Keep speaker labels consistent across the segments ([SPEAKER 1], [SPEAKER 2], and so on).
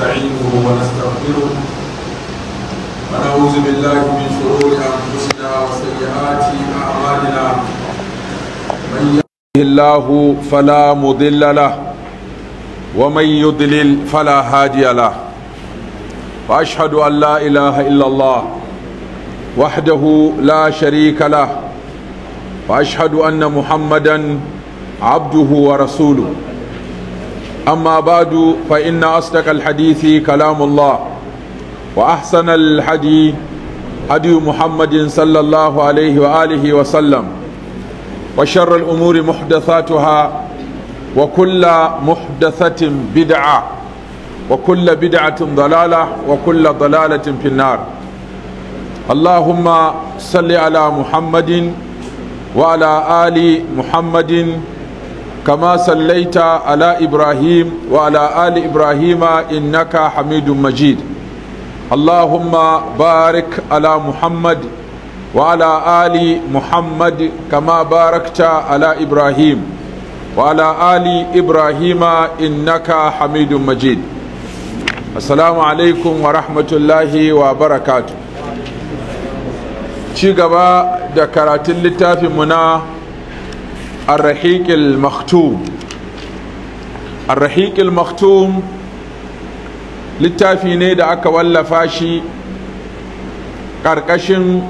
[SPEAKER 1] ونستعينه ونستغفره ونعوذ بالله من شرور انفسنا وسيئات اعمالنا من يهده الله فلا مضل له ومن يضلل فلا هادي له واشهد ان لا اله الا الله وحده لا شريك له واشهد ان محمدا عبده ورسوله أما بعد فإن أصدق الحديث كلام الله وأحسن الحدي هدي محمد صلى الله عليه وآله وسلم وشر الأمور محدثاتها وكل محدثة بدعة وكل بدعة ضلالة وكل ضلالة في النار اللهم صل على محمد وعلى آل محمد كما صليت على إبراهيم وعلى آل إبراهيم إنك حميد مجيد اللهم بارك على محمد وعلى آل محمد كما باركت على إبراهيم وعلى آل إبراهيم إنك حميد مجيد السلام عليكم ورحمة الله وبركاته ci gaba da karatun littafinmu na الرحيق المختوم الرحيق المختوم littafi ne da aka wallafa shi ƙarƙashin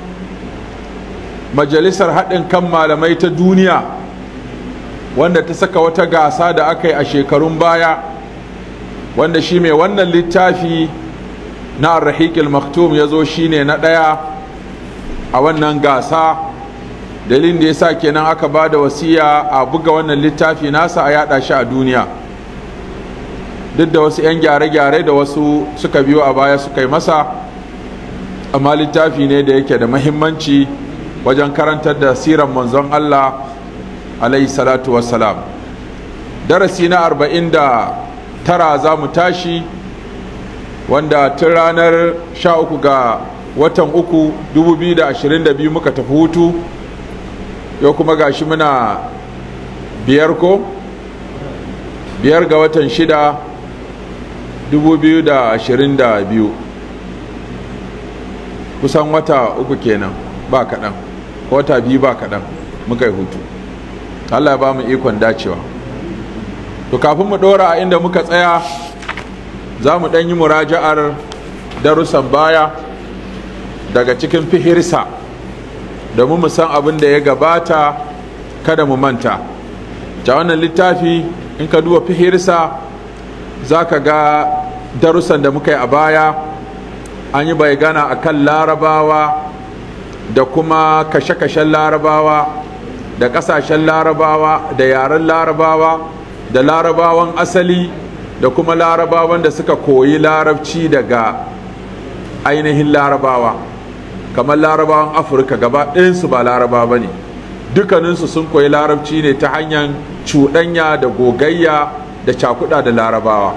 [SPEAKER 1] majalisar haɗin kan malamai ta duniya wanda ta saka wata gasa da aka yi a shekarun baya wanda shi mai wannan littafi na arrahiƙil maktum ya zo shi ne na ɗaya a wannan gasa dalilin da ya sa kenan aka ba da wasiya a buga wannan littafi nasa a yada shi a duniya duk da wasu 'yan gyare-gyare da wasu suka biyo a baya suka yi masa amma littafi ne da yake da mahimmanci wajen karantar da siran manzon Allah alaihi salatu wassalam darasi na arba'in da tara za mu tashi wanda tun ranar sha 13 ga watan uku 2022 muka tafi hutu yau kuma gashi muna biyar ko biyar ga watan shida 2022 kusan wata uku kenan ba kaɗan wata biyu ba kaɗan muka yi hutu allah ba mu ikon dacewa to kafin mu ɗora a inda muka tsaya za mu ɗan yi muraja'ar darussan baya daga cikin fihirsa domin mu san abin da ya gabata kada mu manta ta wannan littafi in ka duba fihirsa za ka ga darussan da muka yi a baya an yi bai gana a kan larabawa da kuma kashe-kashen larabawa da kasashen larabawa da yaren larabawa da larabawan asali da kuma larabawan da suka koyi larabci daga ainihin larabawa kamar larabawan afirka gaba ɗayansu ba laraba ba ne dukkaninsu sun koyi larabci ne ta hanyar cuɗanya da gogayya da cakuɗa da larabawa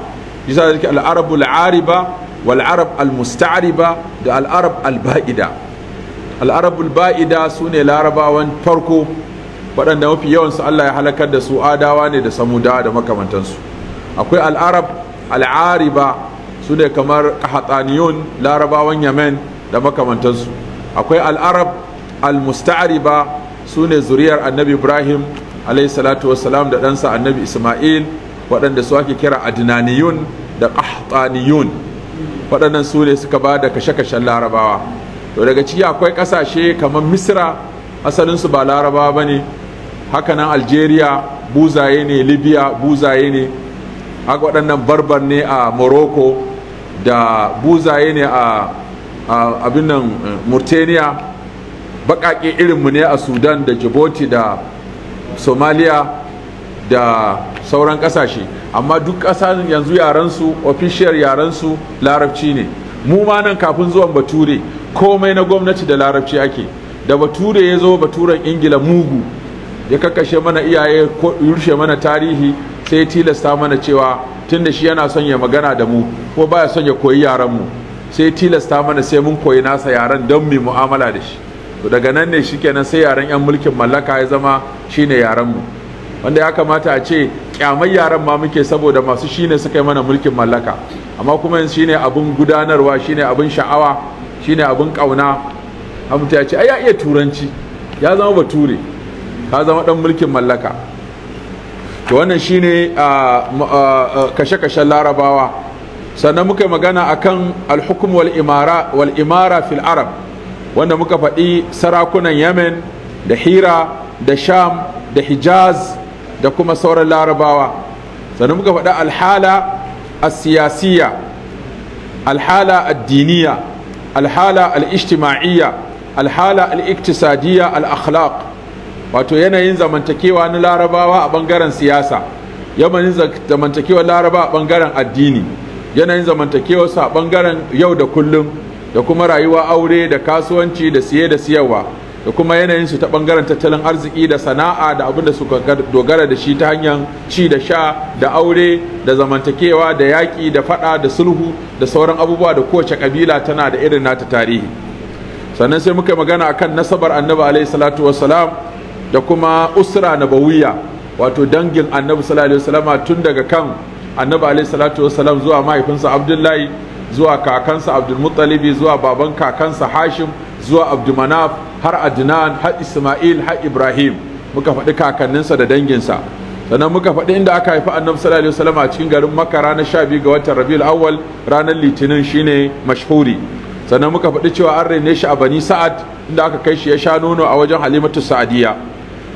[SPEAKER 1] yasa da al'arabu al'ariba wal arab al-musta'riba da al'arab alba'ida. baida al'arabul ba'ida su ne larabawan farko waɗanda mafi yawansu Allah ya halakar da su adawa ne da samudawa da makamantansu akwai al'arab al'ariba su ne kamar kahataniyun larabawan yamen da makamantansu akwai al'arab al-musta'ariba su ne zuriyar annabi ibrahim salatu da ɗansa annabi isma'il waɗanda su ake kira adinaniyun da qahtaniyun waɗannan su ne suka ba da kashe-kashen larabawa to daga ciki akwai ƙasashe kamar misra asalinsu ba larabawa ba ne hakanan algeria buzaye ne libya buzaye ne haka waɗannan barbar ne a morocco da buzaye ne a abin nan eh, murtaniya baƙaƙe mu ne a sudan da djibouti da somaliya da sauran kasashe. amma duk ƙasa yanzu yarensu ofishiyar yarensu larabci ne mu ma nan kafin zuwan bature komai na gwamnati da larabci ake da bature ya zo baturen ingila mugu ya kakashe mana iyaye ko yurshe mana tarihi sai ya tilasta mana cewa tun da shi yana son ya magana da mu ko baya son ya koyi yaran mu sai tilasta mana sai mun koyi nasa yaren don mai mu'amala da shi to daga nan ne shikenan sai yaren yan mulkin mallaka ya zama shine yaren mu wanda ya kamata a ce kyamai yaren ma muke saboda masu shine suka yi mana mulkin mallaka amma kuma yanzu shine abun gudanarwa shine abun sha'awa shine abin kauna hamta ya ce ai ya iya turanci ya zama bature ka zama dan mulkin mallaka to wannan shine ah, ah, ah, kashe-kashen larabawa sannan muka magana akan alhukum wal imara wal imara fil arab wanda muka faɗi sarakunan yemen da hira da sham da hijaz da kuma sauran larabawa sannan muka faɗi alhala asiyasiya alhala addiniya alhala al'ijtima'iyya alhala al'iktisadiyya al'akhlaq wato yanayin zamantakewa na larabawa a bangaren siyasa yanayin zamantakewa larabawa a ɓangaren addini yanayin zamantakewarsu a ɓangaren yau da kullum da kuma rayuwa aure da kasuwanci da siye da siyarwa da kuma yanayin su ta ɓangaren tattalin arziki da sana'a da abin da suka dogara da shi ta hanyar ci da sha da aure da zamantakewa da yaƙi da faɗa da sulhu da sauran abubuwa da kowace ƙabila tana da irin nata tarihi sannan sai muka magana akan nasabar annabi alaihi salatu wassalam da kuma usra nabawiyya wato dangin annabi sallallahu alaihi wasallama tun daga kan annabi alayhi salatu wassalam zuwa mahaifinsa abdullahi zuwa kakansa abdulmuttalibi zuwa baban kakansa hashim zuwa abdulmanaf har adnan har isma'il har ibrahim muka faɗi kakanninsa da danginsa sannan muka faɗi inda aka haifi annabi sallallahu alaihi wasallam a cikin garin makka ranar biyu ga watan rabiul awwal ranar litinin shine mashhuri sannan muka faɗi cewa an raine shi a bani sa'ad inda aka kai shi ya sha nono a wajen halimatu sa'adiyya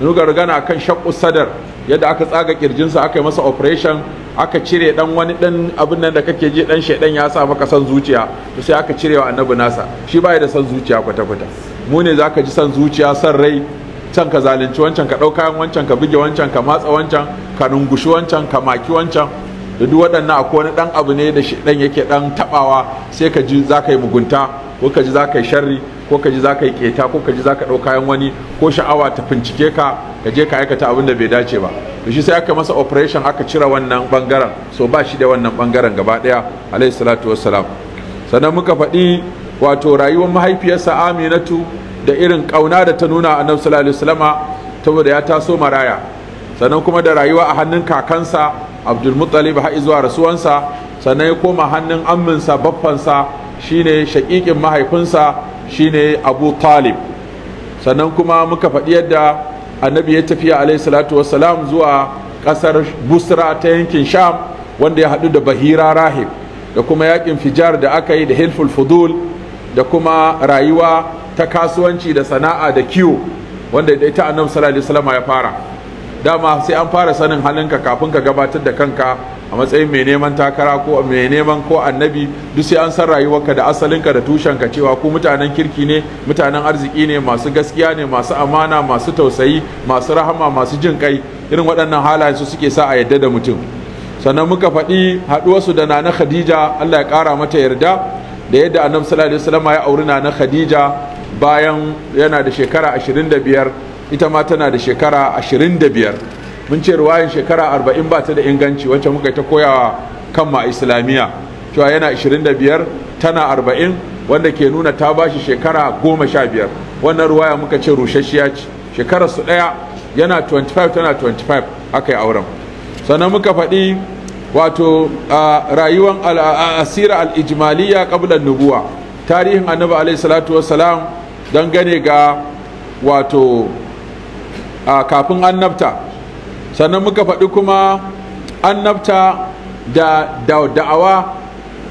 [SPEAKER 1] nuka rigana kan shaqqu sadar yadda aka tsaga kirjinsa aka yi masa operation aka cire dan wani dan abin nan da kake ji dan shedan ya sa maka san zuciya to sai aka cirewa annabi nasa shi baya da san zuciya kwata kwata mu ne zaka ji san zuciya san rai can ka zalunci wancan ka dauka wancan ka buge wancan ka matsa wancan ka nungushi wancan ka maki wancan da duk waɗannan akwai wani ɗan abu ne da shedan yake ɗan taɓawa sai ka ji za yi mugunta ko ka ji za yi sharri ko ka ji za ka yi keta ko ka ji za ka ɗau kayan wani ko sha'awa ta bincike ka ka je ka aikata abin da bai dace ba to shi sai aka masa operation aka cire wannan bangaren so ba shi da wannan bangaren gaba ɗaya alayhi salatu wassalam sannan muka faɗi wato rayuwar mahaifiyarsa aminatu da irin ƙauna da ta nuna a sallallahu alaihi saboda ya taso maraya sannan kuma da rayuwa a hannun kakansa abdulmuttalib har zuwa rasuwansa sannan ya koma hannun amminsa baffansa shine shaƙiƙin mahaifinsa shine abu talib sannan kuma muka faɗi yadda annabi ya tafiya alaihi salatu wassalam zuwa ƙasar busra ta yankin sham wanda ya haɗu da bahira rahib da kuma yaƙin fijar da aka yi da hilful fudul da kuma rayuwa ta kasuwanci da sana'a da kiwo wanda da ita annabi sallallahu alaihi ya fara dama sai an fara sanin halinka kafin ka gabatar da kanka a matsayin mai neman takara ko mai neman ko annabi duk sai an san rayuwarka da asalinka da tushenka cewa ku mutanen kirki ne mutanen arziki ne masu gaskiya ne masu amana masu tausayi masu rahama masu jin kai irin waɗannan halayen su suke sa a yadda da mutum sannan muka faɗi haɗuwarsu da nana khadija allah ya ƙara mata yarda da yadda annabi sallallahu alaihi wasallam ya auri nana khadija bayan yana da shekara 25 ita ma tana da shekara 25 mun ce ruwayan shekara arba'in ba ta da inganci wacce muka ta koyawa kan ma islamiyya cewa yana ashirin da biyar tana arba'in wanda ke nuna ta ba shi shekara goma sha biyar wannan ruwaya muka ce rushashiya ce shekarar su ɗaya yana 25 tana 25 aka yi auren sannan muka faɗi wato rayuwan asira al'ijimaliya ijmaliya nubuwa tarihin annabi alaihi salatu wassalam don gane ga wato kafin annabta sannan muka faɗi kuma annabta da da'awa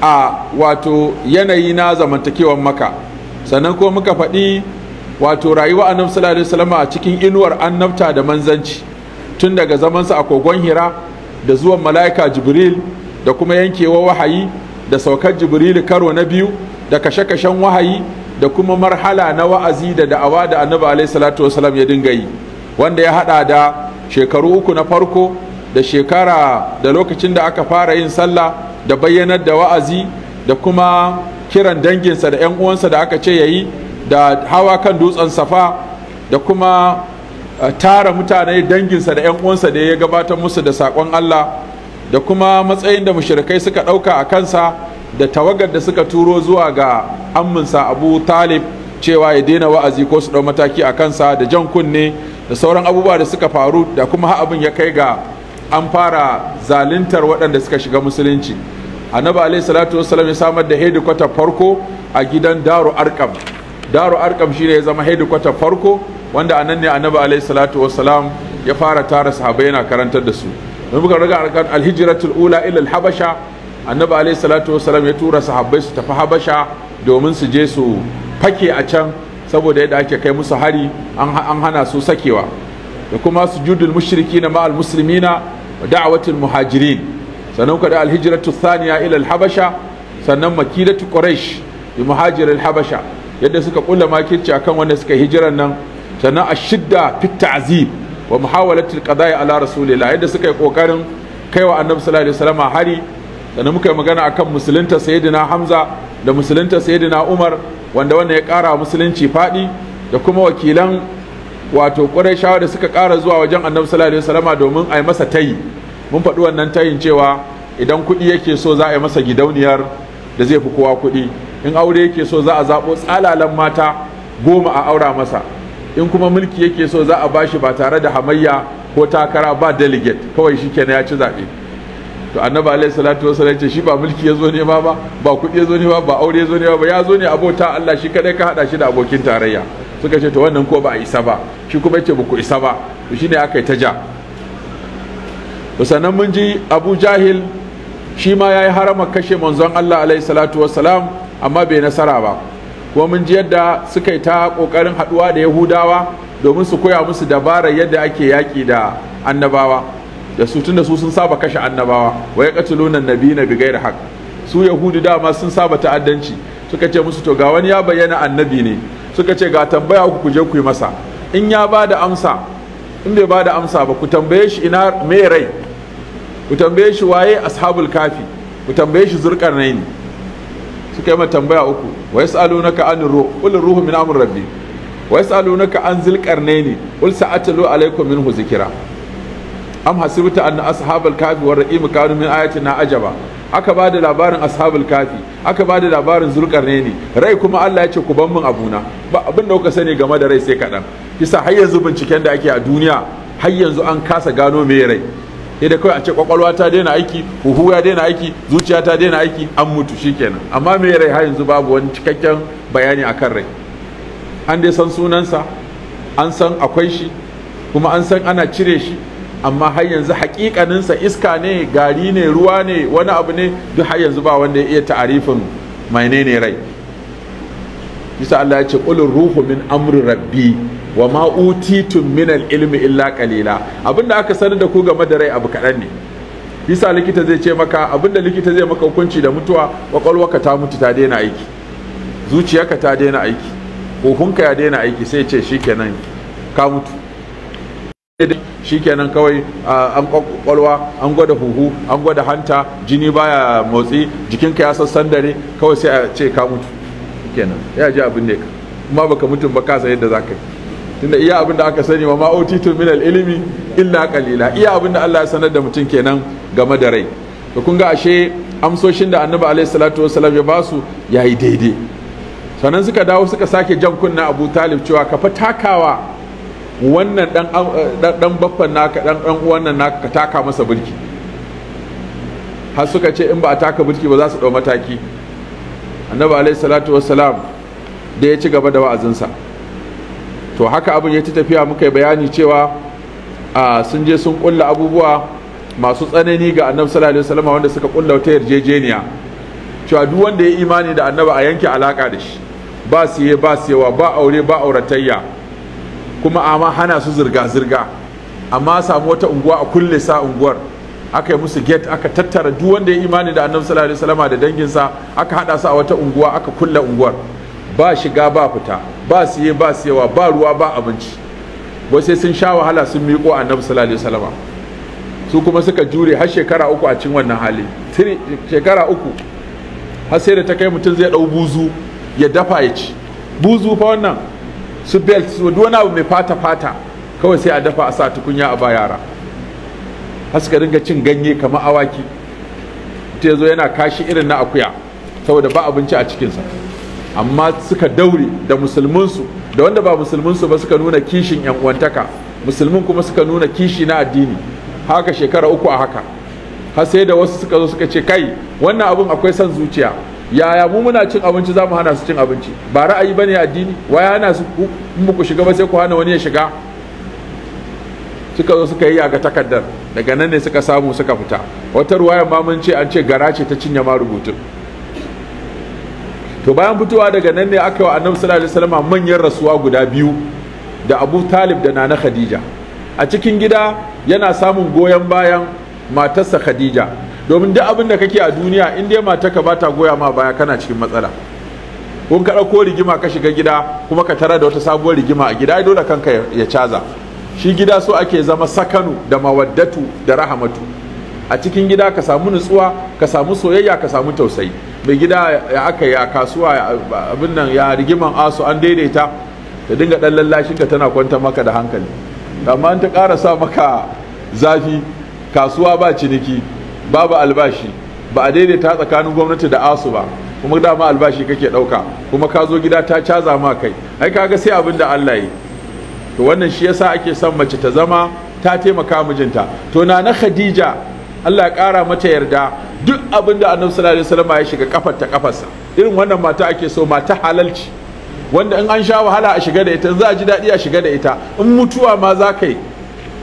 [SPEAKER 1] a wato yanayi na zamantakewar maka sannan kuma muka faɗi wato rayuwa a sallallahu alaihi wasallam a cikin inuwar annabta da manzanci tun daga zamansa a kogon hira da zuwan mala'ika jibril da kuma yankewa wahayi da saukar jibril karo na biyu da kashe-kashen wahayi da kuma marhala na wa'azi da da'awa da annabi alaihi salatu wasallam ya dinga yi wanda ya hada da shekaru uku na farko da shekara da lokacin da aka fara yin sallah da bayyanar da wa'azi da kuma kiran danginsa da 'yan uwansa da aka ce ya yi da hawa kan dutsen safa da kuma eh, tara mutane danginsa da 'yan uwansa da ya gabatar musu da saƙon Allah da kuma matsayin da mushrikai suka ɗauka a kansa da tawagar da suka turo zuwa ga amminsa abu talib cewa ya daina wa'azi ko su ɗau mataki a kansa da jan kunne da sauran abubuwa da suka faru da kuma abin ya kai ga an fara zaluntar waɗanda suka shiga musulunci annabi alaihi salatu wassalam ya samar da kwata farko a gidan daru arkam daru arkam shine ya zama kwata farko wanda a nan ne annabi alaihi salatu wassalam ya fara tara sahabai yana karantar da su don muka riga alhijratul ula ila alhabasha. annabi alaihi salatu wassalam ya tura sahabbai su tafi habasha domin su je su fake a can saboda yadda ake kai musu hari an hana su sakewa da kuma sujudul mushriki na ma'al muslimina da'awatul muhajirin sannan kuma da alhijratu thaniya ila habasha sannan makidatu quraish bi muhajir habasha yadda suka kulla makirci akan wanda suka hijiran nan sannan ashidda fit ta'zib wa muhawalatul qada'i ala rasulillah yadda suka yi kokarin kaiwa annabi sallallahu alaihi hari sannan muka yi magana kan musulunta sayyidina hamza da musulunta sayyidina umar wanda wannan ya kara musulunci fadi. da kuma wakilan wato ƙurayshawa da suka kara zuwa wajen annabi sallallahu alaihi wasallama domin a yi masa tayi mun faɗi wannan tayin cewa idan kuɗi yake so za a yi masa gidauniyar da zai fi kowa kuɗi in aure yake so za a zaɓo tsalalan mata goma a aura masa in kuma mulki yake so za a bashi ba tare da hamayya ko takara ba delegate kawai shi kenan ya ci zaɓe to annabi alaihi salatu wasallam ya ce shi ba mulki ya zo ne ba ba ba kuɗi ya zo ne ba ba aure ya zo ne ba ya zo ne abota Allah shi kadai ka hada shi da abokin tarayya suka ce to wannan ko ba a isa ba shi kuma yace ku isa ba to shine aka yi ta ja to sannan mun ji Abu Jahil shi ma yayi harama kashe manzon Allah alaihi salatu amma bai nasara ba kuma mun ji yadda suka yi ta kokarin haduwa da Yahudawa domin su koya musu dabarar yadda ake yaki da annabawa da su tunda su sun saba kashe annabawa wa ya nabi na bigai da haka. su yahudu dama sun saba ta'addanci suka ce musu to ga wani ya bayyana annabi ne suka ce ga tambaya ku kuje ku yi masa in ya ba da amsa in bai ba da amsa ba ku tambaye shi ina me rai ku tambaye shi waye ashabul kafi ku tambaye shi zurqarnaini suka yi tambaya uku wa yas'alunaka anir ruh qul ruhu min amri rabbi wa yas'alunaka an zilqarnaini qul sa'atlu alaykum minhu zikra am hasibta anna ashabal kafi wa raqim kanu min na ajaba aka ba da labarin ashabul kafi aka ba da labarin zulqarnaini rai kuma Allah ya ce ku ban mun abuna ba abin da kuka sani game da rai sai kaɗan kisa har yanzu binciken da ake a duniya har yanzu an kasa gano me rai sai da kawai a ce kwakwalwa ta daina aiki huhu ya daina aiki zuciya ta daina aiki an mutu shikenan amma me rai har yanzu babu wani cikakken bayani akan rai an dai san sunansa an san akwai shi kuma an san ana cire shi amma har yanzu hakikaninsa iska ne gari ne ruwa ne wani abu ne duk har yanzu ba wanda ya iya ta'arifin ne rai bisa Allah ya ce ƙulun ruhu min amri rabbi wa ma utitum min ilmi illa qalila abinda aka sanar da ku game da rai abu kaɗan ne bisa likita zai ce maka abinda likita zai maka hukunci da mutuwa kwakwalwarka ta mutu ta daina aiki zuciyarka ta daina aiki hukunka ya daina aiki sai ce shikenan ka mutu shikenan kawai an kwakwalwa an gwada huhu an gwada hanta jini baya motsi jikinka ya sassan dare kawai sai a ce ka mutu kenan ya ji abin ne ka kuma baka mutum ba ka yadda za ka yi tunda iya abin da aka sani wa ma utitu minal ilimi illa qalila iya abin da Allah ya sanar da mutum kenan game da rai to kun ga ashe amsoshin da annabi alaihi salatu wasallam ya basu yayi daidai sannan suka dawo suka sake jan kunna Abu Talib cewa ka fa takawa wannan ɗan eh, baffan naka dan dan uwan nan naka ka taka masa birki har suka ce in ba a taka birki ba za su dau mataki annabi alaihi salatu wassalam da ya ci gaba da wa'azinsa to haka abin ya ci tafiya muka yi bayani cewa sun je sun kulla abubuwa masu tsanani ga annabi sallallahu alaihi wasallam wanda suka kulla wata yarjejeniya cewa duk wanda ya imani da annabi a yanke alaka da shi ba siye ba siyewa ba aure ba auratayya kuma amma hana su zirga-zirga amma samu wata unguwa a kulle sa unguwar aka yi musu get aka tattara duk wanda ya imani da annabi sallallahu alaihi wasallam da danginsa aka hada su a wata unguwa aka kulle unguwar ba shiga ba fita ba siye ba siyewa ba ruwa ba abinci wai sai sun sha wahala sun miƙo annabi sallallahu alaihi wasallam su kuma suka jure har shekara uku a cikin wannan hali shekara uku har sai da ta kai mutum zai dau buzu ya dafa ya ci buzu fa wannan su belt su wani abu mai fata fata kawai sai a dafa a sa tukunya a ba yara haska dinga cin ganye kamar awaki ta zo yana kashi irin na akuya saboda ba abinci a cikinsa amma suka daure da musulminsu da wanda ba musulminsu ba suka nuna kishin yan uwantaka musulmin kuma suka nuna kishi na addini haka shekara uku a haka har sai da wasu suka zo suka ce kai wannan abun akwai son zuciya yaya mu muna cin abinci za mu hana su cin abinci ba ra'ayi bane addini waya hana su in ku shiga ba sai ku hana wani ya shiga suka zo suka yi ga takardar daga nan ne suka samu suka fita wata ruwaya ma mun ce an ce gara ce ta cinye ma rubutun to bayan fitowa daga nan ne aka yi wa annabi sallallahu alaihi wasallam manyan rasuwa guda biyu da Abu Talib da Nana Khadija a cikin gida yana samun goyon bayan matarsa Khadija domin duk abin da kake a duniya in dai mata ka ta goya ma baya kana cikin matsala kun ka ɗauko rigima ka shiga gida kuma ka tara da wata sabuwar rigima a gida dole kanka ya caza shi gida so ake zama sakanu da mawaddatu da rahamatu a cikin gida ka samu nutsuwa ka samu soyayya ka samu tausayi mai gida ya aka a kasuwa abin nan ya rigiman asu an daidaita ta dinga ɗan lallashin ka tana kwanta maka da hankali amma an ta ƙara sa maka zafi kasuwa ba ciniki babu albashi ba a daidaita tsakanin gwamnati da asu ba kuma dama albashi kake dauka kuma ka zo gida ta caza ma kai ai kaga sai abin da Allah yi to wannan shi yasa ake son mace ta zama ta taimaka mijinta to na na Khadija Allah ya kara mata yarda duk abin da Annabi sallallahu alaihi wasallam ya shiga kafar ta kafarsa irin wannan mata ake so mata halalci wanda in an sha wahala a shiga da ita za a ji daɗi a shiga da ita in mutuwa ma za ka yi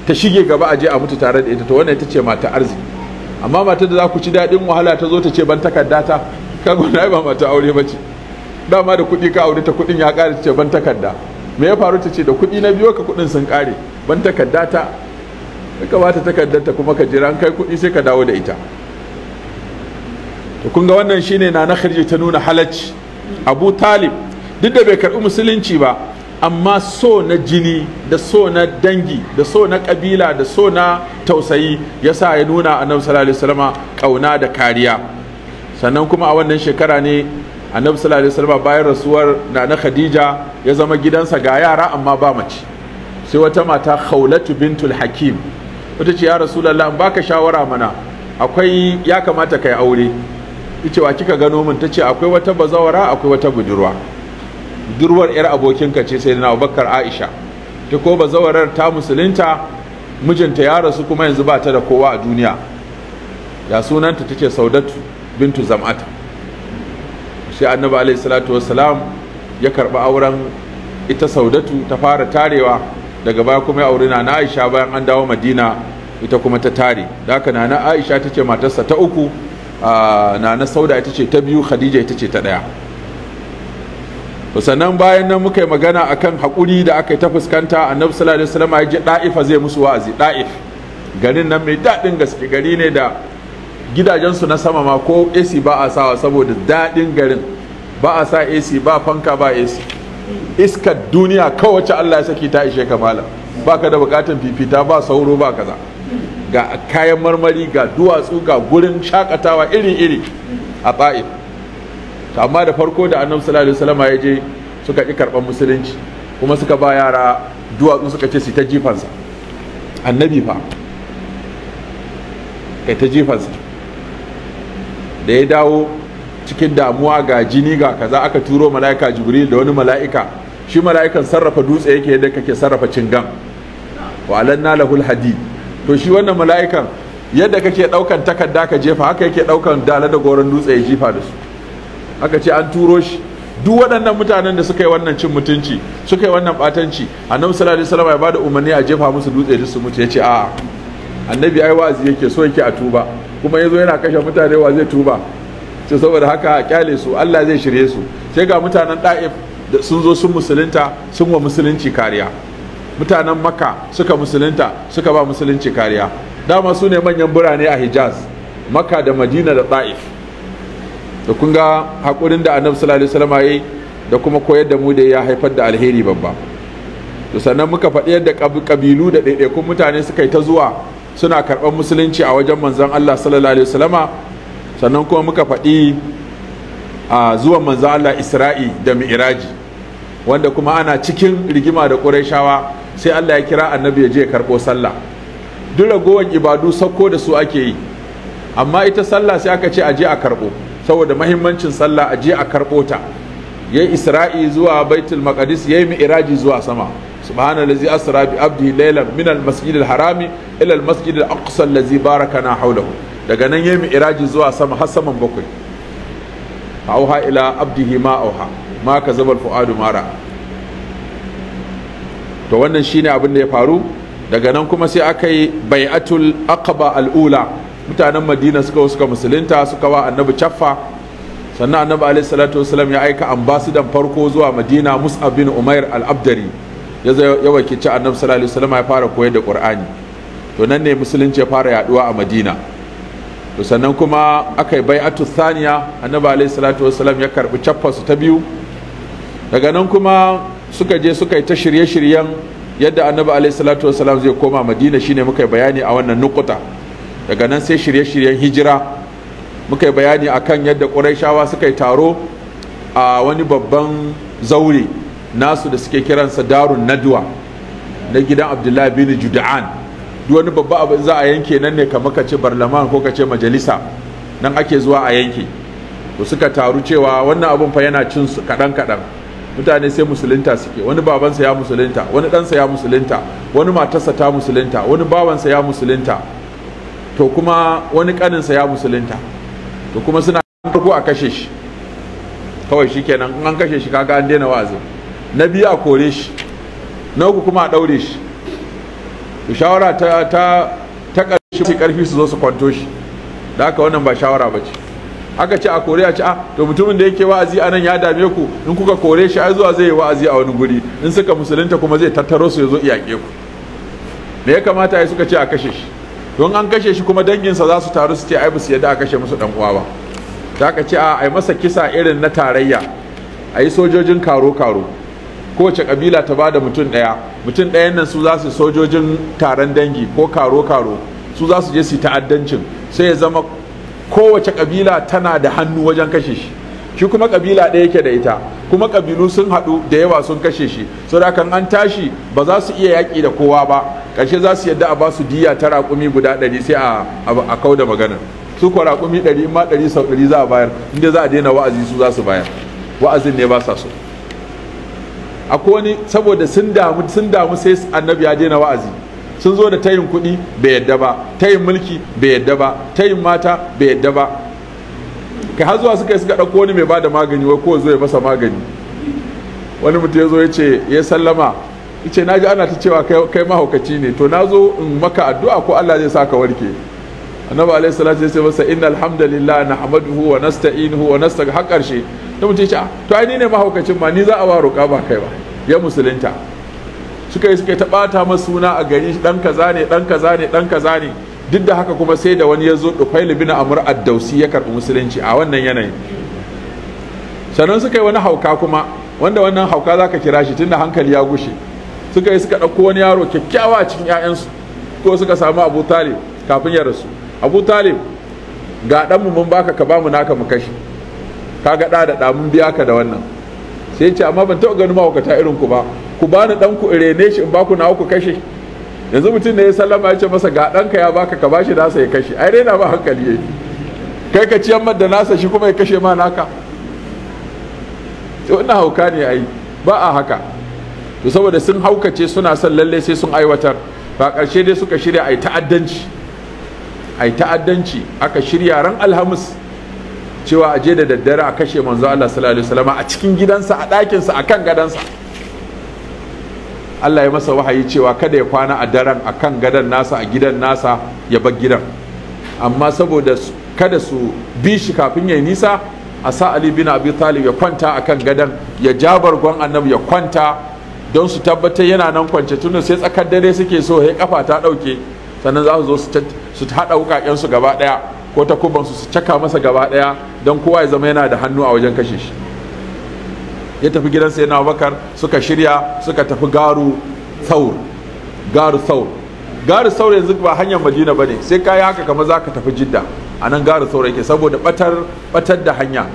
[SPEAKER 1] ta shige gaba a je a mutu tare da ita to wannan ita ce mata arziki amma matar da za ku ci daɗin wahala ta zo ta ce ban takarda ta kago na ba mata aure ba ce dama da kuɗi ka aure ta kuɗin ya ƙare ta ce ban takarda me ya faru ta ce da kuɗi na biyo ka kuɗin sun ƙare ban takarda ta ya kamata takardar ta kuma ka jira an kai kuɗi sai ka dawo da ita to kun ga wannan shine na na ta nuna halacci abu talib duk da bai karɓi musulunci ba amma so na jini da so na dangi da so na kabila da so na tausayi ya sa ya nuna a sallallahu alaihi Salama kauna da kariya sannan kuma a wannan shekara ne annabi sallallahu alaihi Salama bayan rasuwar nana khadija ya zama gidansa ga yara amma ba mace sai wata mata Khaulatu bintul hakim wata ce ya an baka shawara mana akwai ya kamata kai aure ita wa kika gano mun tace akwai wata bazawara akwai wata budurwa durwar 'yar abokinka ce sai na abubakar aisha ta ko bazawarar ta musulunta mijinta ya rasu kuma yanzu ba ta da kowa a duniya ya sunanta ta ce saudatu bintu zam'ata sai annabi alayhi salatu wassalam ya karɓi auren ita saudatu ta fara tarewa daga baya kuma ya aure na aisha bayan an dawo madina ita kuma ta tare da haka nana aisha ta ce matarsa ta uku ah, nana sauda ita ce ta biyu khadija ita ce ta ɗaya sannan bayan nan muka yi magana akan haƙuri da aka yi ta fuskanta annabi sallallahu alaihi wasallam ya ji da'ifa zai musu wa'azi da'if garin nan mai daɗin gaske gari ne da gidajensu na sama ma ko AC ba a sawa saboda daɗin garin ba a sa AC ba fanka ba AC iskar duniya kawace Allah ya saki ta ishe kamala ba da bukatan fifita ba sauro ba kaza ga kayan marmari ga duwatsu ga gurin shakatawa iri-iri a ta'if to amma da farko da annabi sallallahu alaihi wasallam ya je suka ki karban musulunci kuma suka ba yara duwatsu suka ce su ta jifansa annabi fa kai ta jifansa da ya dawo cikin damuwa ga jini ga kaza aka turo mala'ika jibril da wani mala'ika shi mala'ikan sarrafa dutse yake yadda kake sarrafa cingan wa alanna lahul hadid to shi wannan mala'ikan yadda kake daukan takarda ka jefa haka yake daukan dala da goron dutse ya jifa da su aka ce an turo shi duk waɗannan mutanen da suka yi wannan cin mutunci suka yi wannan batanci annabi sallallahu alaihi wasallam ya bada umarni a jefa musu dutse da su mutu ya ce a'a annabi ai wa'azi yake so yake a tuba kuma yazo yana kashe mutane wa zai tuba sai saboda haka kyale su Allah zai shirye su sai ga mutanen da'if sun zo sun musulunta sun wa musulunci kariya mutanen makka suka musulunta suka ba musulunci kariya dama su ne manyan birane a hijaz makka da madina da da'if da kun ga haƙurin da annabi sallallahu alaihi wasallam yayi da kuma koyar da mu da ya haifar da alheri babba to sannan muka faɗi yadda ƙabilu da ɗaiɗaikun mutane suka yi ta zuwa suna karɓar musulunci a wajen manzon Allah sallallahu alaihi wasallama sannan kuma muka faɗi a zuwan manzon Allah Isra'i da Mi'raji wanda kuma ana cikin rigima da Qurayshawa sai Allah ya kira annabi ya je ya karɓo sallah duk ragowar ibadu sauko da su ake yi amma ita sallah sai aka ce a je a karɓo saboda mahimmancin sallah a je a karɓo ta ya yi isra'i zuwa baitul maqdis ya yi mi'raji zuwa sama subhanallazi asra bi abdihi laylan min al-masjid al-harami ila al-masjid al-aqsa allazi barakana hawlahu daga nan ya yi mi'raji zuwa sama har saman bakwai auha ila abdihi ma auha ma ka zabal fu'adu mara to wannan shine abin da ya faru daga nan kuma sai aka yi bai'atul aqaba al-ula mutanen madina suka suka musulunta suka wa annabi caffa sannan annabi alaihi salatu wasalam ya aika ambasidan farko zuwa madina mus'ab bin umair al-abdari ya ya wakilci annabi sallallahu alaihi ya fara koyar da qur'ani to nan ne musulunci ya fara yaduwa a madina to sannan kuma aka yi bai'atu thaniya annabi alaihi salatu wasalam ya karbi caffa su ta biyu daga nan kuma suka je suka yi ta shirye-shiryen yadda annabi alaihi salatu wasalam zai koma madina shine muka bayani a wannan nukuta daga nan sai shirye-shiryen hijira muka yi bayani akan yadda ƙuraishawa suka yi taro a wani babban zaure nasu da suke kiransa darun nadwa na gidan abdullahi bin juda'an duk wani babba abin za a yanke nan ne kamar ka ce barlaman ko ka ce majalisa nan ake zuwa a yanke ku suka taru cewa wannan abin fa yana cin su kaɗan kaɗan mutane sai musulunta suke wani babansa ya musulunta wani dansa ya musulunta wani matarsa ta musulunta wani bawansa ya musulunta to kuma wani kaninsa ya musulunta to kuma suna farko a kashe shi kawai shi kenan in an kashe shi kaga an daina wa'azi, na biyu a kore shi na uku kuma a ɗaure shi shawara ta ta ta ƙarfi karfi su zo su kwanto shi da haka wannan ba shawara ba ce aka ce a kore a ce a ah, to mutumin da yake wa'azi a nan ya dame ku in kuka kore shi ai zuwa zai yi wa'azi a wani guri in suka musulunta kuma zai tattaro su ya zo iyake ku me ya kamata ai suka ce a kashe shi don an kashe shi kuma danginsa za su taru su ce ai bisu yadda a kashe musu dan uwa ba ta ka ce a ai masa kisa irin na tarayya a yi sojojin karo karo kowace kabila ta ba da mutum ɗaya. mutum ɗayan nan su za su sojojin taron dangi ko karo karo su za su je su ta'addancin sai ya zama kowace kabila tana da hannu wajen kashe shi shi kuma kabila ɗaya yake da ita kuma kabilu sun haɗu da yawa sun kashe shi da kan an tashi ba za su iya yaƙi da kowa ba ƙarshe za su yadda a ba su diya ta raƙumi guda ɗari sai a kau da magana su ko raƙumi ɗari ma ɗari sau ɗari za a bayar inda za a daina wa'azi su za su bayar wa'azin ne ba sa so akwai wani saboda sun damu sun damu sai annabi ya daina wa'azi sun zo da tayin kuɗi bai yadda ba tayin mulki bai yadda ba tayin mata bai yadda ba kai har zuwa suka yi suka ɗauko wani mai bada magani wai kowa zo ya masa magani wani mutum ya zo ya ce ya sallama ya ce na ji ana ta cewa kai mahaukaci ne to na zo in maka addu'a ko Allah zai sa ka warke annabi alaihi salatu ya ce masa inna alhamdulillah nahmaduhu wa nasta'inuhu wa nasta'in har karshe ta mutum ya ce ah, to ai ni ne mahaukacin ma ni za a ba roƙa ba kai ba ya musulunta suka yi suka ta ɓata masu suna a gari ɗan kaza ne ɗan kaza ne ɗan kaza ne duk da haka kuma sai da wani ya zo dufail bin na ad-dausi ya karɓi musulunci a wannan yanayi. sannan suka yi wani hauka kuma wanda wannan hauka za ka kira shi tunda hankali ya gushe suka yi suka ɗauko wani yaro kyakkyawa a cikin 'ya'yansu ko suka samu abu talib kafin ya rasu abu talib ga ɗanmu mun baka ka bamu naka mu kashe ka ga ɗa da ɗa mun biya ka da wannan sai ce amma ban taɓa ganin mahaukata irin ku ba ku bani ɗanku, ku rene shi in baku na ku kashe yanzu mutum ne ya sallama ya ce masa ga ɗanka ya baka ka bashi nasa ya kashe ai raina ba hankali yake kai ka ciyar da nasa shi kuma ya kashe ma naka to ina hauka ne ai ba a haka to saboda sun haukace suna son lalle sai sun aiwatar ba ƙarshe dai suka shirya ai ta'addanci ai ta'addanci aka shirya ran alhamis cewa aje da daddare a kashe manzo Allah sallallahu alaihi wasallam a cikin gidansa a ɗakinsa a kan gadansa Allah ya masa wahayi cewa kada ya kwana a daren a kan gadon nasa a gidan nasa ya bar gidan amma saboda kada su bi shi kafin ya nisa a sa Ali bin Abi Talib ya kwanta a kan gadon ya ja bargon annabi ya kwanta don su tabbatar yana nan kwance tunda sai tsakar dare suke so sai kafa ta ɗauke sannan za su zo su haɗa wukaken su gaba ɗaya ko ta kuban su su caka masa gaba ɗaya don kowa ya zama yana da hannu a wajen kashe shi ya tafi gidan yana bakar suka shirya suka tafi garu thaur garu thaur garu thaur yanzu ba hanyar madina ne sai kaya haka kama za ka tafi jidda a nan garu thaur yake saboda batar batar da hanya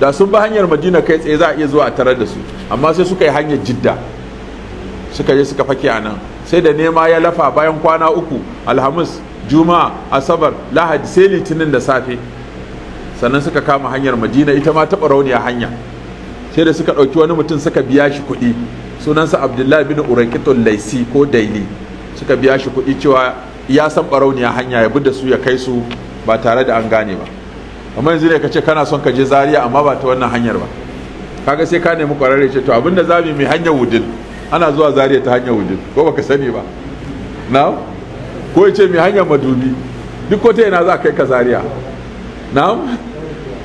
[SPEAKER 1] da sun ba hanyar madina kai tsaye za a iya zuwa a tarar da su amma sai suka yi hanyar jidda suka je suka fake a nan sai da nema ya lafa bayan kwana uku alhamis juma'a asabar lahadi sai litinin da safe sannan suka kama hanyar madina ita ma taɓa rauniya hanya sai da suka ɗauki wani mutum suka biya shi kuɗi sunansa abdullahi bin urakitun laisi ko daili suka biya shi kuɗi cewa ya san barauniya hanya ya bi da su ya kai su ba tare da an gane ba amma yanzu ne ka ce kana son ka je zaria amma ba ta wannan hanyar ba kaga sai ka nemi ƙwararre ce to abinda za mu yi hanyar wudin ana zuwa zaria ta hanyar wudin ko baka sani ba na ko ya ce mai hanyar madubi duk ko ta yana za a kai ka zaria na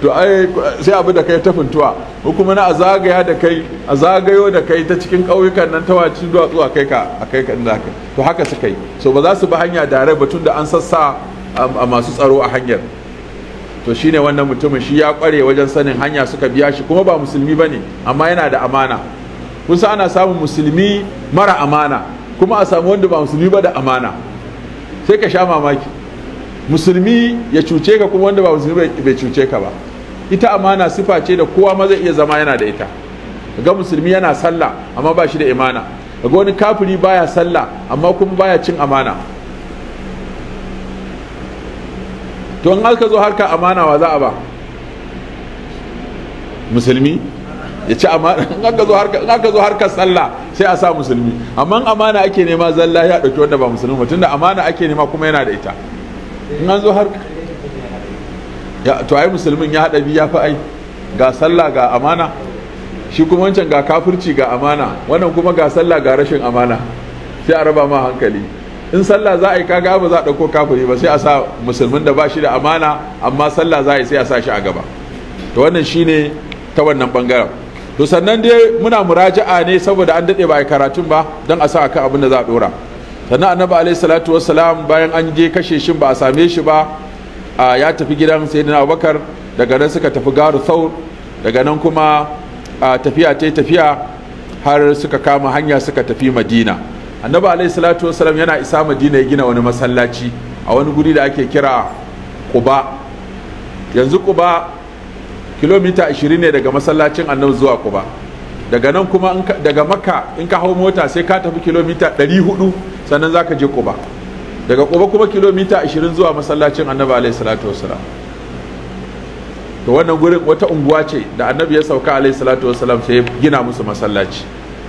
[SPEAKER 1] to ai sai abu da kai ta funtuwa hukuma na a zagaya da kai a zagayo da kai ta cikin ƙauyukan nan ta wacin duwatsu a kai ka a kai ka inda to haka suka yi so ba za su bi hanya dare batun da an sassa um, a masu tsaro a hanyar to shine wannan mutumin shi ya kware wajen sanin hanya suka biya shi kuma ba musulmi bane amma yana da amana kun ana samun musulmi mara amana kuma a samu wanda ba musulmi ba da amana sai ka sha mamaki musulmi ya cuce ka kuma wanda ba musulmi bai cuce ka ba ita amana sifa ce da kowa ma zai iya zama yana da ita ga musulmi yana sallah amma ba shi da imana ga wani kafiri baya sallah amma kuma baya cin amana to in aka zo harka amana wa za a ba musulmi ya ci amana in aka zo harkar sallah sai a sa musulmi amma amana ake nema zalla ya ɗauki wanda ba musulmi ba tunda amana ake nema kuma yana da ita in an zo harkar to ai musulmin ya hada ya fa ai ga sallah ga amana shi kuma wancan ga kafirci ga amana wannan kuma ga sallah ga rashin amana sai a raba ma hankali in sallah za a yi kaga ba za a dauko kafiri ba sai a sa musulmin da ba shi da amana amma sallah za a yi sai a sa shi a gaba to wannan shine ta wannan bangaren to sannan dai muna muraja'a ne saboda an dade ba a karatun ba don a sa kan abin da za a dora sannan annabi alaihi salatu wassalam bayan an je kashe shin ba a same shi ba ya tafi gidan sayyidina abubakar daga nan suka tafi garu saur daga nan kuma tafiya ta tafiya har suka kama hanya suka tafi madina annabi alaihi salatu wasalam yana isa madina ya gina wani masallaci a wani guri da ake kira kuba yanzu kuba kilomita 20 ne daga masallacin annabi zuwa kuba daga nan kuma daga maka in ka hau mota sai ka tafi kilomita 400 sannan za ka je kuba daga kuma kuma kilomita 20 zuwa masallacin annabi alaihi salatu wasalam to wannan gurin wata unguwa ce da annabi ya sauka alaihi salatu wasalam sai ya gina musu masallaci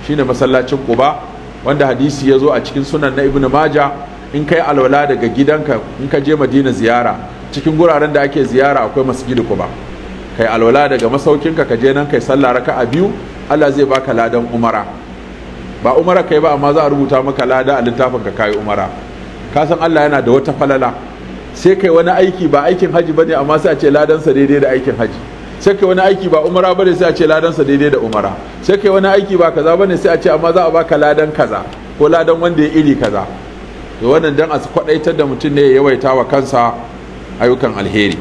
[SPEAKER 1] shine masallacin quba wanda hadisi ya zo a cikin sunan na ibnu maja in kai alwala daga gidanka in ka je madina ziyara cikin guraren da ake ziyara akwai masjidi quba kai alwala daga masaukinka ka je nan kai sallah raka'a biyu Allah zai baka ladan umara ba umara kai ba amma za a rubuta maka lada a littafin ka kai umara ka san Allah yana da wata falala sai kai wani aiki ba aikin haji bane amma sai a ce ladansa daidai da aikin haji sai kai wani aiki ba umara bane sai a ce ladansa daidai da umara sai kai wani aiki ba kaza bane sai a ce amma za a baka ladan kaza ko ladan wanda ya iri kaza to wannan dan a kwadaitar da mutum ne ya yawaita wa kansa ayyukan alheri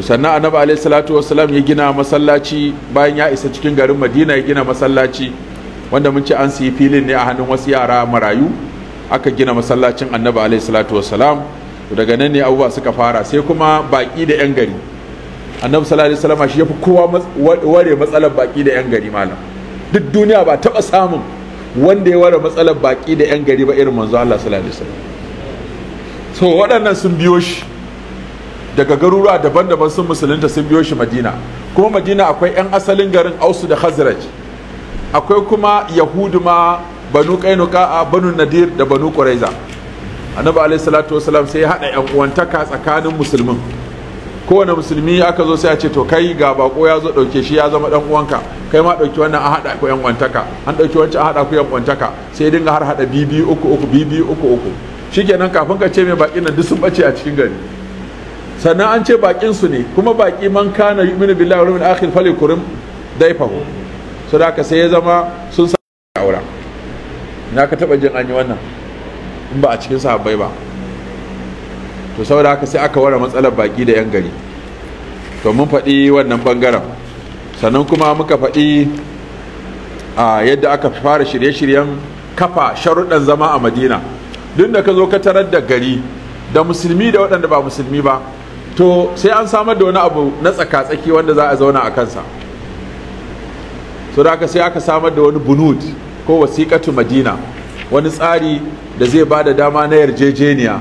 [SPEAKER 1] sannan annabi alayhi salatu wassalam ya gina masallaci bayan ya isa cikin garin madina ya gina masallaci wanda mun ce an siyi filin ne a hannun wasu yara marayu aka gina masallacin annabi alaihi salatu wassalam daga nan ne abubuwa suka fara sai kuma baki da yan gari annabi sallallahu alaihi wasallam shi yafi kowa ware matsalar baki da yan gari malam duk duniya ba taba samun wanda ya ware matsalar baki da yan gari ba irin manzo Allah sallallahu alaihi wasallam so waɗannan sun biyo shi daga garuruwa daban-daban sun musulunta sun biyo shi madina kuma madina akwai 'yan asalin garin ausu da khazraj akwai kuma yahudu ma banu kainuka banu nadir da banu quraiza annabi alayhi salatu wasalam sai ya hada yan uwantaka tsakanin musulmin kowane musulmi aka zo sai a ce to kai ga bako ya zo dauke shi ya zama dan uwanka kai ma dauki wannan a hada ku yan uwantaka an dauki wancan a hada ku yan uwantaka sai dinga har hada bibi uku uku bibi uku uku shikenan kafin ka ce mai bakin nan duk sun bace a cikin gari sannan an ce bakin su ne kuma baki man kana yu'minu billahi wal yawmil akhir falyakrim daifahu saboda sai ya zama sun ina ka taba jin an wannan in ba a cikin sahabbai ba to saboda haka sai aka ware matsalar baki da yan gari to mun faɗi wannan bangaren sannan kuma muka faɗi a yadda aka fara shirye-shiryen kafa sharuɗan zama a madina duk da ka zo ka tarar da gari da musulmi da waɗanda ba musulmi ba to sai an samar da wani abu na tsaka-tsaki wanda za a zauna a kansa so da sai aka samar da wani bunud ko wasiƙatu madina wani tsari da zai ba da dama na yarjejeniya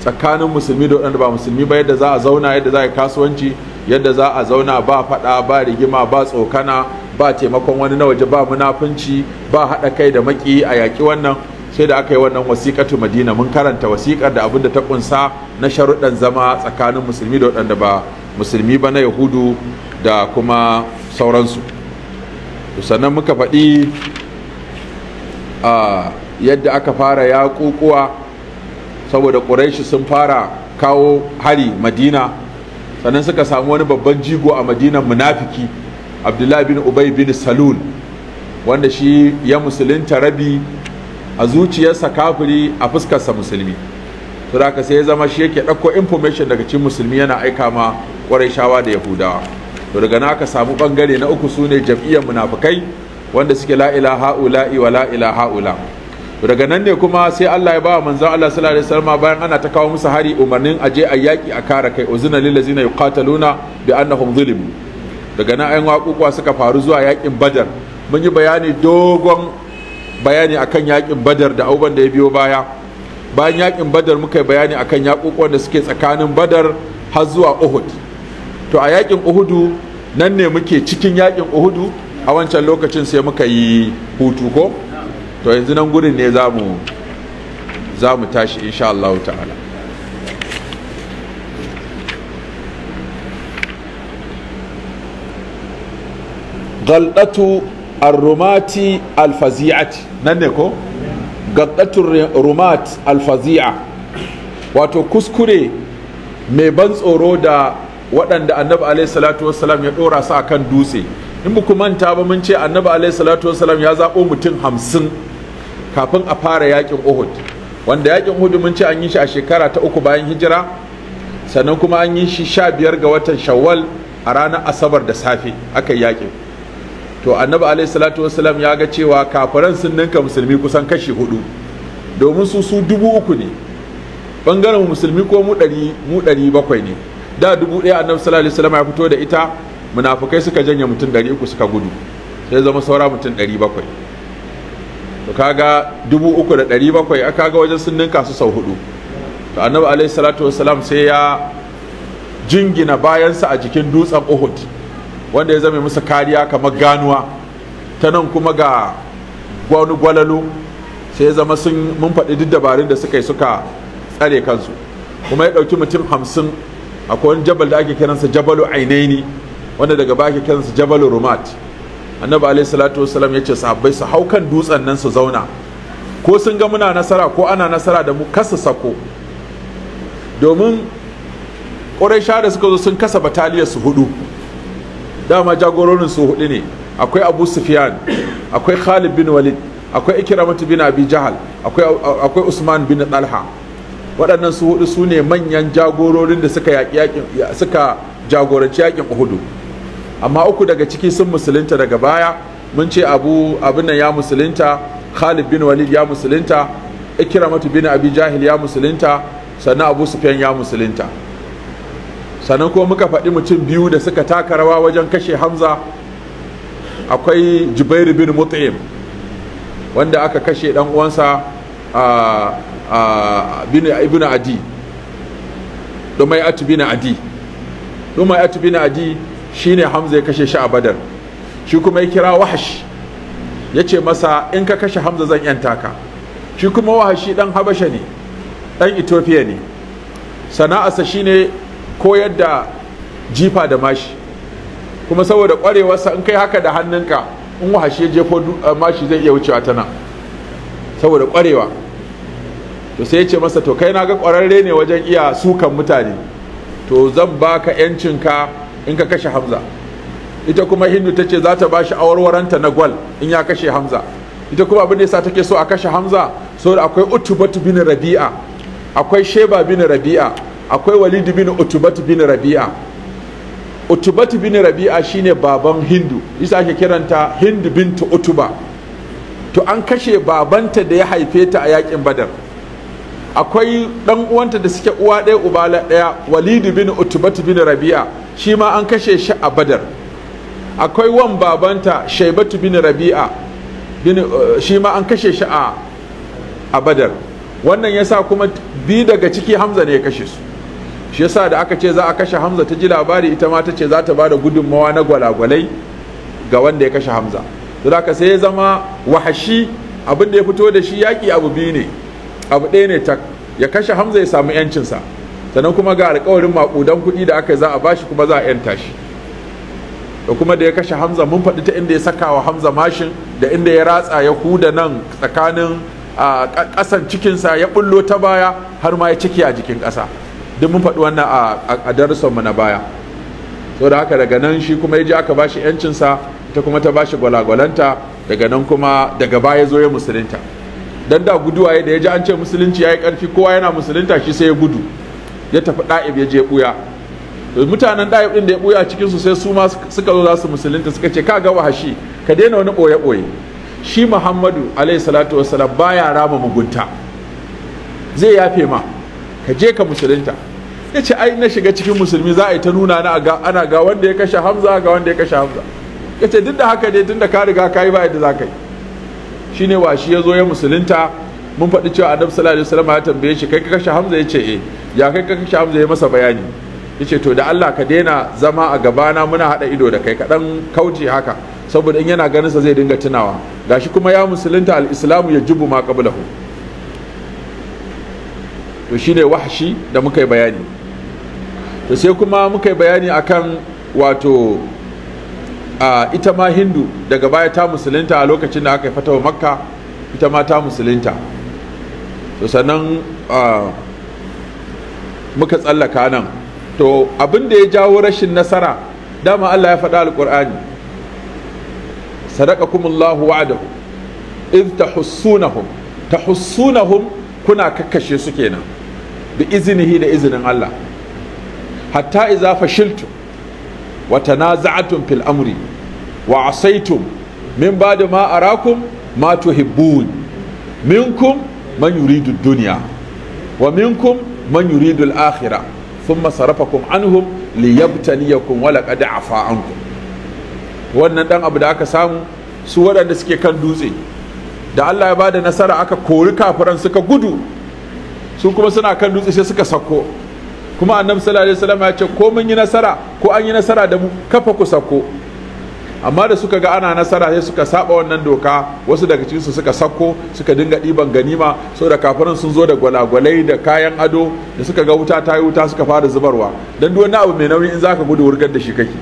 [SPEAKER 1] tsakanin musulmi da waɗanda ba musulmi ba yadda za a zauna yadda za a yi kasuwanci yadda za a zauna ba faɗa ba rigima ba tsokana ba taimakon wani na waje ba munafunci ba haɗa kai da maki a yaƙi wannan sai da aka yi wannan wasiƙatu madina mun karanta wasiƙar da abin da ta ƙunsa na sharuɗan zama tsakanin musulmi da waɗanda ba musulmi ba na yahudu da kuma sauransu sannan muka faɗi a yadda aka fara ya kukuwa saboda ƙuraishi sun fara kawo hari madina sannan suka samu wani babban jigo a madina munafiki abdullahi bin ubay bin salul wanda shi ya musulunta rabi a zuciyarsa kafiri a fuskarsa musulmi to da sai ya zama shi yake ɗauko information daga cikin musulmi yana aika ma ƙwarai shawa da yahudawa to daga na aka samu ɓangare na uku su ne jam'iyyar munafukai wanda suke la ilaha ula'i wa la ilaha ula daga nan ne kuma sai Allah ya ba manzon Allah sallallahu alaihi wasallam bayan ana ta kawo musu hari umarnin aje a yaki a kare kai uzina lil ladzina yuqataluna bi annahum zulimu daga nan ayin waƙuƙuwa suka faru zuwa yakin badar mun yi bayani dogon bayani akan yakin badar da auban da ya biyo baya bayan yakin badar muka yi bayani akan yaƙuƙuwan da suke tsakanin badar har zuwa uhud to a yakin uhudu nan ne muke cikin yakin uhudu a wancan lokacin sai muka yi hutu ko to yanzu nan gudun ne za mu za mu tashi insha Allah ta'ala galdatu arrumati alfazi'ati nan ne ko galdatu rumat alfazi'a wato kuskure mai ban tsoro da waɗanda annabi alaihi salatu ya ɗora su akan dutse in ku manta ba mun ce annabi alaihi salatu wasalam ya zaɓo mutum hamsin kafin a fara yakin uhud wanda yakin uhud mun ce an yi shi a shekara ta uku bayan hijira sannan kuma an yi shi sha biyar ga watan shawwal a ranar asabar da safe aka yakin to annabi alaihi salatu wasalam ya ga cewa kafiran sun ninka musulmi kusan kashi hudu domin su su dubu uku ne bangaren musulmi ko mu ɗari bakwai ne da dubu ɗaya annabi sallallahu alaihi wasallam ya fito da ita munafukai suka janye mutum uku suka gudu sai zama saura mutum bakwai. to kaga dubu uku da bakwai aka ga wajen sun ninka su sau hudu to annabi alaihi salatu wasalam sai ya jingina bayansa a jikin dutsen uhud wanda ya zama musu kariya kamar ganuwa ta nan kuma ga wani gwalalo sai ya zama sun mun faɗi duk dabarun da suka yi suka tsare kansu kuma ya ɗauki mutum hamsin akwai wani jabal da ake kiransa jabalu ainaini wanda daga baki kansu jabal rumat annabi alaihi salatu wasalam yace sahabbai su hau kan dutsen nan su zauna ko sun ga muna nasara ko ana nasara da mu kasa sako domin quraisha da suka zo sun kasa bataliyar su hudu dama jagororin su hudu ne akwai abu sufyan akwai khalid bin walid akwai ikramat bin abi jahal akwai usman bin talha waɗannan su hudu su ne manyan jagororin da suka jagoranci yaƙin uhudu amma uku daga ciki sun musulunta daga baya mun ce abu abin nan ya musulunta khalid bin walid ya musulunta ikramatu bin abi jahil ya musulunta sannan abu sufyan ya musulunta sannan kuma muka faɗi mutum biyu da suka taka rawa wajen kashe hamza akwai jubairu bin mut'im wanda aka kashe dan uwansa a bin adi domai atu bin adi domai atu bin adi shine hamza ya kashe shi a badar shi kuma ya kira wahash ya ce masa in ka kashe hamza zan yanta ka shi kuma wahashi dan habasha ne dan ethiopia ne sana'arsa shine koyar da jifa da mashi kuma saboda kwarewarsa in kai haka da hannunka in wahashi ya jefo eh, mashi zai iya wucewa tana saboda kwarewa to sai ya ce masa to kai na ga kwararre ne wajen iya sukan mutane to zan baka yancinka in ka kashe hamza ita kuma hindu ta ce za ta ba shi awarwaranta na gwal in ya kashe hamza ita kuma abin da yasa take so a kashe hamza so akwai utubatu bin rabi'a akwai sheba bin rabi'a akwai walid bin utubatu bin rabi'a utubatu bin rabi'a shine baban hindu isa ake kiranta hindu bintu utuba to an kashe babanta da ya haife ta a yakin badar akwai dan uwanta da suke uwa ɗaya ubala ɗaya walidu bin utbat bin rabi'a shi ma an kashe shi a badar akwai wan babanta shaibatu bin rabi'a uh, shi ma an kashe shi a badar wannan yasa kuma bi daga ciki hamza ne ya kashe su shi yasa da aka ce za a kashe hamza ta ji labari ita ma ta ce za ta bada gudunmawa na gwalagwalai ga wanda ya kashe hamza don sai ya zama wahashi abin da ya fito da shi yaƙi abu biyu ne abu ɗaya ne tak ya kashe hamza ya samu yancinsa sannan kuma ga alkawarin maƙudan kuɗi da aka za a bashi kuma za a yanta shi da kuma da ya kashe hamza mun faɗi ta inda ya saka wa hamza mashin da inda ya ratsa ya huda nan tsakanin ƙasan cikinsa ya bullo ta baya har ma ya ciki a jikin ƙasa duk mun faɗi wannan a darussanmu na baya so da haka daga nan shi kuma ya ji aka bashi yancinsa ita kuma ta bashi gwalagwalanta daga nan kuma daga baya zo ya musulunta dan da guduwa ya da ya ji an ce musulunci ya yi ƙarfi kowa yana musulunta shi sai ya gudu ya tafi ɗa'ib ya je ɓuya mutanen ɗa'ib ɗin da ya buya cikin cikinsu sai su ma suka zo za su musulunta suka ce ka ga wahashi ka daina wani ɓoye-ɓoye shi muhammadu alayhi salatu wassalam baya rama mugunta zai yafe ma ka je ka musulunta ya ce ai na shiga cikin musulmi za a yi ta nuna na ana ga wanda ya kashe hamza ga wanda ya kashe hamza ya ce duk da haka dai tun ka riga ka yi ba yadda za ka yi shine washi ya zo ya musulunta mun faɗi cewa annabi sallallahu alaihi wasallam ya tambaye shi kai ka kashe hamza ya ce eh ya kai ka kashe hamza ya masa bayani ya ce to da Allah ka daina zama a gabana muna haɗa ido da kai kaɗan kauce haka saboda in yana ganinsa zai dinga tunawa gashi kuma ya musulunta al ya jubu ma qablahu to shine wahshi da muka yi bayani to sai kuma muka yi bayani akan wato ita ma hindu daga baya ta musulunta a lokacin da aka yi wa makka ita ma ta musulunta to sannan muka tsallaka nan to abin da ya jawo rashin nasara dama Allah ya faɗa alƙur'ani sadaqakumullahu wa'adahu id tahussunahum tahussunahum kuna kakkashe su kenan bi izinihi da izinin Allah hatta iza shiltu. wa tanaza'atum fil amri wa asaitum min ba'da ma arakum ma tuhibbun minkum man yuridu dunya wa minkum man yuridu al-akhirah thumma sarafakum anhum liyabtaliyakum wa laqad afa ankum wannan dan abu da aka samu su waɗanda suke kan dutse da Allah ya ba da nasara aka kori kafiran suka gudu su kuma suna kan dutse sai suka sako kuma annabi sallallahu alaihi wasallam ya ce ko mun yi nasara ko an yi nasara da mu kafa ku sako amma da suka ga ana nasara sai suka saba wannan doka wasu daga cikinsu suka sako suka dinga ɗiban ganima saboda kafirin sun zo da gwalagwalai da kayan ado da suka ga wuta ta yi wuta suka fara zubarwa don duk wani abu mai nauyi in zaka gudu wurgar da shi kake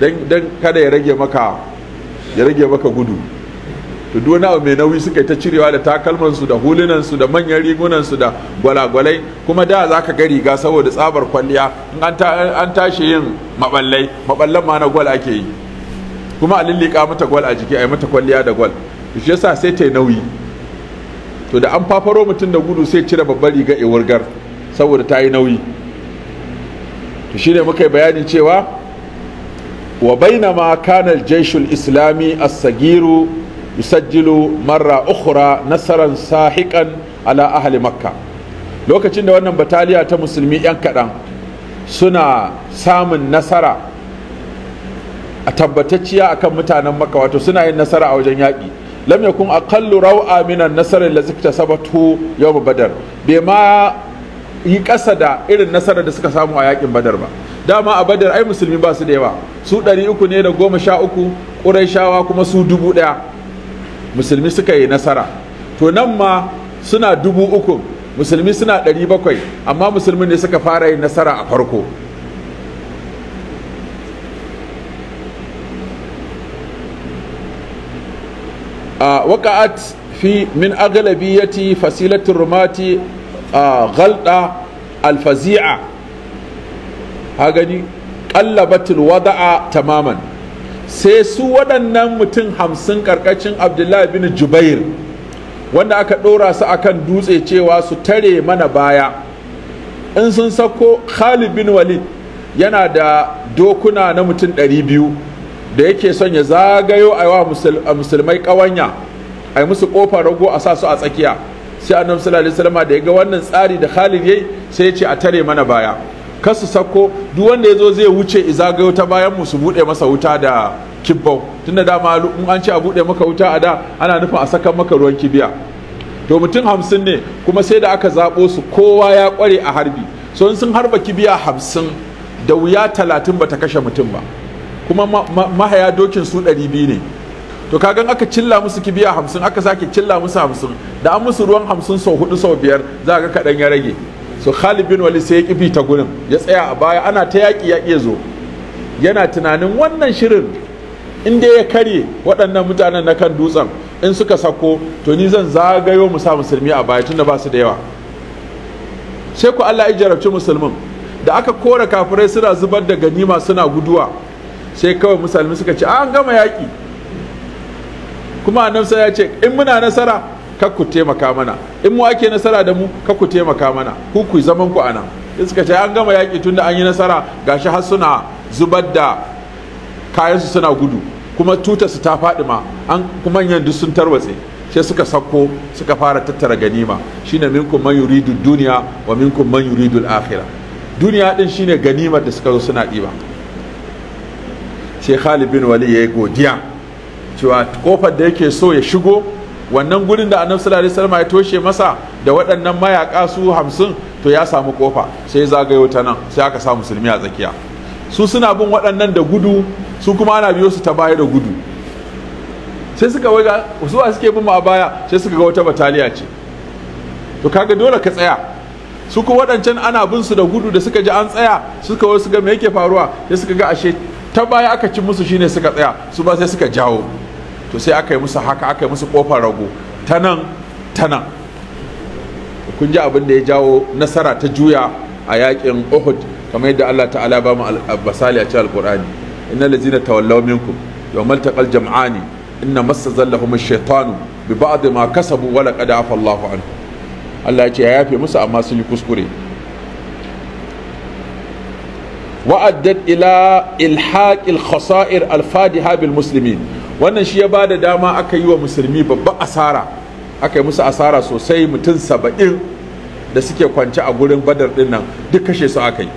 [SPEAKER 1] don kada ya rage maka ya rage maka gudu to duk wani mai nauyi suka yi ta cirewa da takalmansu da hulunansu da manyan rigunansu da gwalagwalai kuma da za ka ga riga saboda tsabar kwalliya in an tashi yin maballai maballan ma na gwal ake yi kuma a lillika mata gwal a jiki a yi mata kwalliya da gwal to shi yasa sai ta yi nauyi to da an fafaro mutum da gudu sai cire babbar riga a wurgar saboda ta yi nauyi to shine muka yi bayanin cewa wa bainama kana al-jaishul islami as-sagiru yusajjilu marra ukhra nasaran sahiqan ala ahli makka lokacin da wannan bataliya ta musulmi yan kaɗan suna samun nasara a tabbatacciya akan mutanen makka wato suna yin nasara a wajen yaƙi lam yakun aqallu raw'a min nasarar da allazi sabatu yawm badar bai ma yi ƙasa da irin nasarar da suka samu a yaƙin badar ba dama a badar ai musulmi ba su da yawa su ɗari uku ne da goma sha uku kuma su dubu ɗaya musulmi suka yi nasara to nan ma suna dubu uku musulmi suna ɗari bakwai amma musulmi ne suka fara yin nasara a farko a waƙa'at fi min agalabiyyati fasilatin rumati a galda alfazi'a ha gani ƙallabatul wada'a tamaman sai su waɗannan mutum hamsin ƙarƙashin abdullahi bin jubair wanda aka ɗora su akan dutse cewa su tare mana baya in sun sako khalid bin walid yana da dokuna na mutum ɗari biyu da yake son ya zagayo a wa musulmai ƙawanya a yi musu ƙofar rago a sa su a tsakiya sai annabi sallallahu alaihi wasallam da ya ga wannan tsari da khalid yayi sai ya ce a tare mana baya kasu sako duk wanda ya zo zai wuce i izagayo ta bayan mu su buɗe masa wuta da kibbau tunda dama in an ce a bude maka wuta a da ana nufin a saka maka ruwan kibiya to mutum hamsin ne kuma sai da aka zaɓo su kowa ya kware a harbi so in sun harba kibiya hamsin da wuya talatin bata kashe mutum ba kuma mahaya dokin su ɗari biyu ne to kagan aka cilla musu kibiya hamsin aka sake cilla musu hamsin da an musu ruwan hamsin sau hudu sau biyar za ga kaɗan ya rage so Khalid bin Walid sai ya kifi ta gurin ya tsaya a baya ana ta yaƙi ya iya zo yana tunanin wannan shirin Inda ya karye waɗannan mutanen na kan dutsen in suka sako to ni zan zagayo mu sa musulmi a baya tunda ba su da yawa sai ku Allah ya jarabci musulmin da aka kora kafirai suna zubar da ganima suna guduwa sai kawai musulmi suka ce an gama yaƙi kuma annabi ya ce in muna nasara kar ku taimaka mana in mu ake nasara da mu kar ku taimaka mana ku ku zaman ku anan in suka ce an gama yaƙi da an yi nasara gashi har suna zubar da kayansu suna gudu kuma tutarsu ta faɗi ma an kuma manyan duk sun tarwatse sai suka sako suka fara tattara ganima shine minkum man yuridu duniya wa minkum man yuridu al duniya din shine ganimar da suka zo suna ɗiba sai Khalid bin Wali ya yi godiya cewa kofar da yake so ya shigo wannan gurin da annabi sallallahu alaihi wasallam ya toshe masa da waɗannan mayaka su hamsin to ya samu kofa sai zagayo ta nan sai aka sa musulmi a tsakiya su suna bin waɗannan da gudu su kuma ana biyo su ta baya da gudu sai suka waga su a suke bin mu a baya sai suka ga wata bataliya ce to kaga dole ka tsaya su kuma waɗancan ana bin su da gudu da suka ji an tsaya suka wasu ga me yake faruwa sai suka ga ashe ta baya aka ci musu shine suka tsaya su ba sai suka jawo to sai aka yi musu haka aka yi musu kofar rago ta nan ta nan kun ji abin da ya jawo nasara ta juya a yakin uhud kamar yadda allah ta'ala ba mu basali a cikin alkur'ani inna lazina tawallaw minkum yawmal taqal jam'ani inna massa zallahum ash-shaytanu bi ba'd ma kasabu wa laqad afa anhu Allah ya ce ya yafe musu amma sun yi kuskure wa'addat ila ilhaqil khasa'ir al-fadiha bil muslimin wannan shi ya ba da dama aka yi wa musulmi babban asara aka yi musu asara sosai mutum saba'in da suke kwance a gurin badar din nan duk kashe su aka yi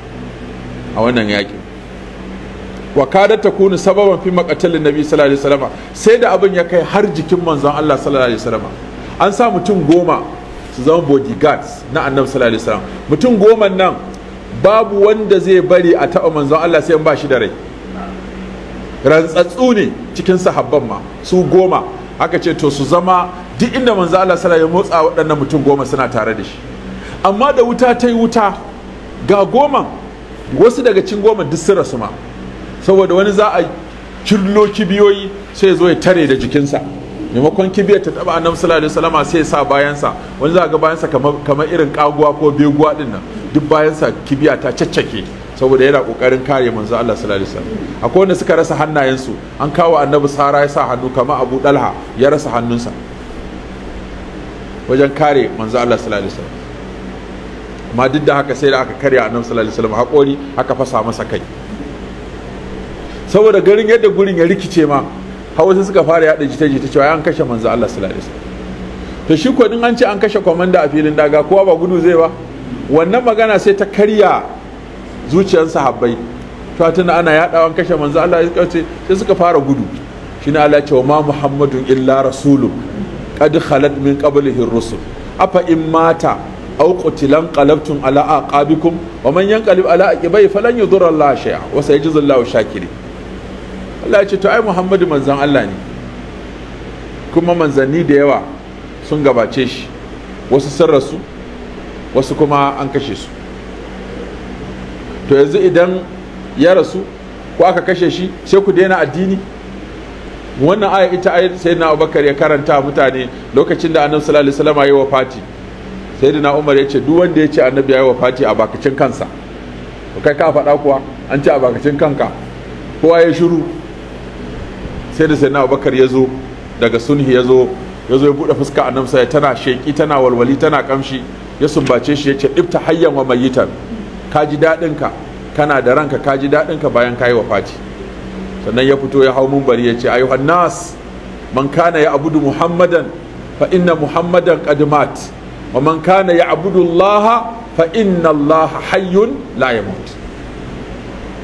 [SPEAKER 1] a wannan yakin wa kada ta kunu sababan fi makatalin nabi sallallahu alaihi wasallam sai da abin ya kai har jikin manzon Allah sallallahu alaihi an sa mutum goma su zama bodyguards na annabi sallallahu alaihi mutum goma nan babu wanda zai bari a taba manzon Allah sai in ba shi da rai rantsatsu ne cikin sahabban ma su goma aka ce to su zama duk inda manzo Allah sallallahu ya motsa waɗannan mutum goma suna tare da shi amma da wuta ta yi wuta ga goma wasu daga cin goma duk sun rasu ma saboda wani za a cillo kibiyoyi sai ya zo ya tare da jikinsa maimakon kibiyar ta taba annabi sallallahu alaihi wasallam sai ya sa bayansa wani za ga bayansa kamar irin kaguwa ko beguwa din nan duk bayansa kibiya ta caccake saboda yana kokarin kare manzo Allah sallallahu alaihi wasallam akwai wanda suka rasa hannayensu an kawo annabi sara ya sa hannu kamar abu dalha ya rasa hannunsa wajen kare manzo Allah sallallahu alaihi wasallam amma duk da haka sai da aka karya annabi sallallahu alaihi wasallam hakori aka fasa masa kai saboda garin yadda gurin ya rikice ma hausa suka fara yada jita-jita cewa an kashe manzo Allah sallallahu alaihi wasallam to shi ko an ce an kashe komanda a filin daga kowa ba gudu zai ba wannan magana sai ta karya zuciyar sahabbai to tuna ana yadawan kashe manzo Allah ya ce sai suka fara gudu shine Allah ya ce ma muhammadun illa rasulun qad khalat min qablihi rusul afa in mata aw qutilan qalabtum ala aqabikum wa man yanqalib ala aqibai falan yudurra Allah shay'a wa sayajzi Allahu shakiri Allah ya ce to ai muhammadu manzon Allah ne kuma manzanni da yawa sun gabace shi wasu sun rasu wasu kuma an kashe su to yanzu idan ya rasu ko aka kashe shi sai ku daina addini wannan aya ita ayar sai na abubakar ya karanta mutane lokacin da annabi sallallahu alaihi wasallam ya yi wafati sai na umar ya ce duk wanda ya ce annabi ya yi wafati a bakacin kansa kai ka faɗa kuwa an ce a bakacin kanka kowa ya shiru sai da sai na abubakar ya zo daga sunhi ya zo ya zo ya buɗe fuska annabi sai tana sheki tana walwali tana kamshi ya sumbace shi ya ce ibta hayyan wa mayyitan ka ji daɗinka kana da ranka kaji ji daɗinka bayan ka wa Fati. sannan ya fito ya hau mumbari ya ce ayyuhan nas man kana ya abudu muhammadan fa inna muhammadan mat wa man kana ya abudu allah fa inna allah hayyun la yamut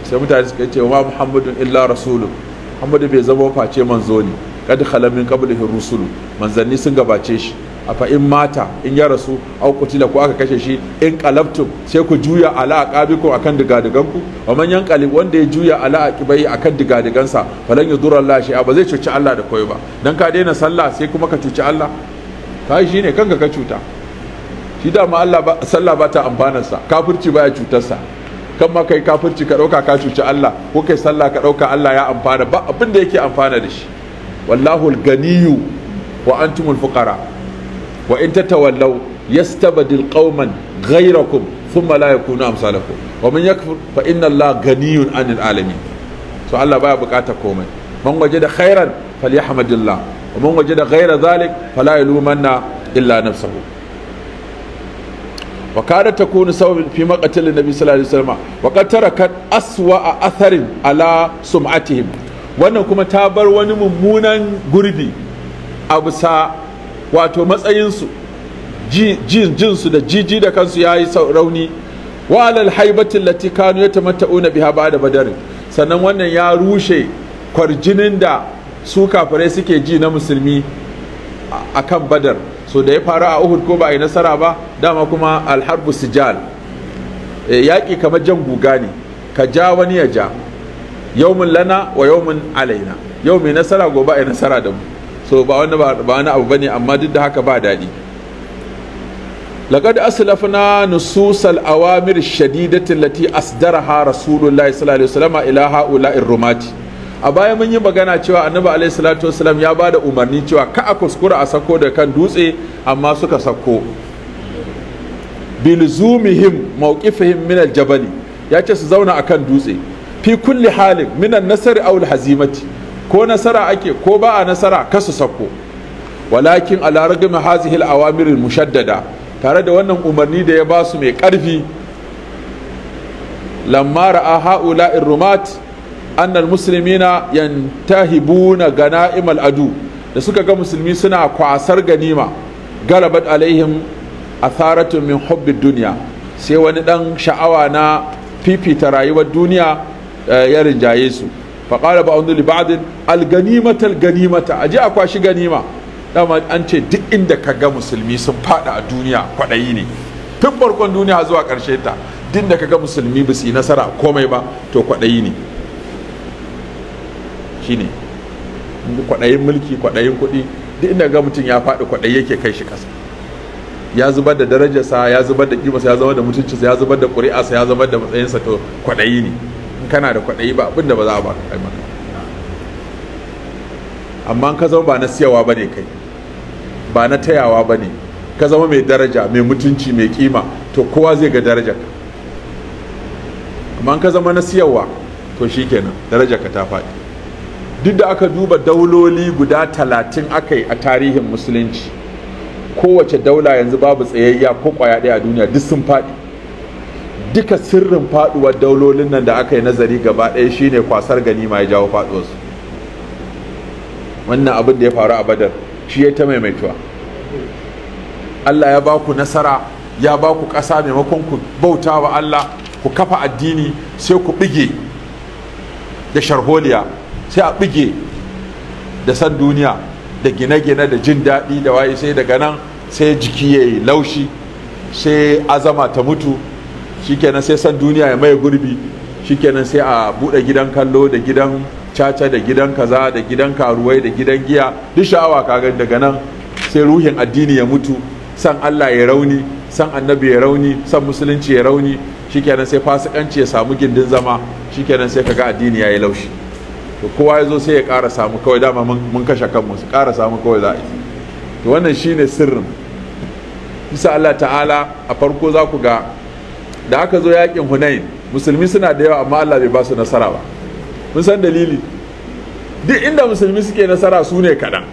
[SPEAKER 1] sai mutane suka ce wa muhammadun illa rasulun muhammadu bai zama face manzo ne kad khala min qablihi rusul manzanni sun gabace shi afa in mata in ya rasu au kutila ko aka kashe shi in qalabtum sai ku juya ala aqabikum akan digadiganku wa man ƙalib wanda ya juya ala aqibai akan digadigansa falan yudurra Allah shi ba zai cuci Allah da koyi ba dan ka daina sallah sai kuma ka cuci Allah shi ne kanka ka cuta shi dama Allah sallah ba ta sa kafirci baya cutarsa kan ma kai kafirci ka ɗauka ka cuci Allah ko kai sallah ka ɗauka Allah ya amfana ba abin da yake amfana da shi wallahu ganiyu wa antumul fuqara wa in tatawallaw yastabdil qauman ghayrakum thumma la yakunu amsalakum wa man yakfur fa inna allaha ganiyun 'anil alamin so Allah baya bukata komai man wajada khairan falyahmadillah wa man wajada ghayra dhalik fala yalumanna illa nafsahu wa kada takunu sababin fi maqatil nabi sallallahu alaihi wasallam wa aswa ala sum'atihim wannan kuma ta bar wani mummunan gurbi a bisa wato matsayinsu jinsu da jiji da kansu ya yi rauni wa alal haibatin lati kanu ya tamatta'una biha ba da badarin sannan wannan ya rushe kwarjinin da su kafirai suke ji na musulmi a kan badar so da ya faru a uhud ko ba a yi nasara ba dama kuma alharbu sijal e, yaƙi kamar jan guga ne ka ja wani ya ja yaumin lana wa yaumin alaina yau mai nasara gobe a yi nasara da mu so ba wani ba wani abu bane amma duk da haka ba daɗi laqad aslafna nususal awamir shadidati lati asdaraha rasulullahi sallallahu alaihi wasallam ila haula rumati a baya mun yi magana cewa annabi alaihi salatu wasallam ya bada umarni cewa ka a kuskura a sako da kan dutse amma suka sako bilzumihim mawqifihim min al-jabali ya ce su zauna akan dutse fi kulli halin minan nasari aw hazimati ko nasara ake ko ba a nasara kasu sako walakin ala hazi hazihi awamirin mushaddada tare da wannan umarni da ya ba su mai karfi lamma ra'a haula rumat an muslimina yantahibuna ganaim al-adu da suka ga musulmi suna kwasar ganima galabat alaihim atharatun min hubbid duniya sai wani dan sha'awa na fifita rayuwar duniya eh, ya rinjaye su faƙara ba wani libadin alganimatar ganimata a ji a ganima dama an ce duk inda ka ga musulmi sun fada a duniya kwaɗayi ne tun farkon duniya zuwa ƙarshe ta duk da ka ga musulmi ba su yi nasara komai ba to kwaɗayi ne Shi ne kwaɗayin mulki kwaɗayin kuɗi duk inda ga mutum ya faɗi kwaɗayi yake kai shi ƙasa ya zubar da darajarsa ya zubar da ƙimarsa ya zubar da mutuncinsa ya zubar da ƙuri'arsa ya zubar da matsayinsa to kwaɗayi ne kana da kwaɗayi ba abinda ba za a baka kai maka amma ka zama ba na siyawa ba ne kai ba na tayawa ba ne ka zama mai daraja mai mutunci mai kima to kowa zai ga daraja ka amma ka zama na siyawa to shikenan daraja ka ta faɗi duk da aka duba dauloli guda talatin aka yi a tarihin musulunci kowace daula yanzu babu tsayayya ko kwaya ɗaya a duniya duk sun faɗi duka sirrin faduwar daulolin nan da aka yi nazari gaba ɗaya shine kwasar ganima ya jawo faduwarsu wannan abin da ya faru a badar shi ya ta maimaituwa Allah ya ba ku nasara ya ba ku ƙasa maimakon ku bauta wa Allah ku kafa addini sai ku bige da sharholiya sai a bige da san duniya da gine-gine da jin daɗi da waye sai daga nan sai jiki ya yi laushi sai azama ta mutu shikenan sai san duniya ya maye gurbi shikenan sai a bude gidan kallo da gidan caca da gidan kaza da gidan karuwai da gidan giya duk sha'awa kaga daga nan sai ruhin addini ya mutu san Allah ya rauni san annabi ya rauni san musulunci ya rauni shikenan sai fasikanci ya samu gindin zama shikenan sai kaga addini ya yi laushi to kowa ya zo sai ya ƙara samu kawai dama mun kashe kanmu su ƙara samu kawai za to wannan shine sirrin bisa Allah ta'ala a farko za ku ga da aka zo yakin hunain musulmi suna da yawa amma Allah bai ba su nasara ba mun san dalili duk inda musulmi suke nasara su ne kaɗan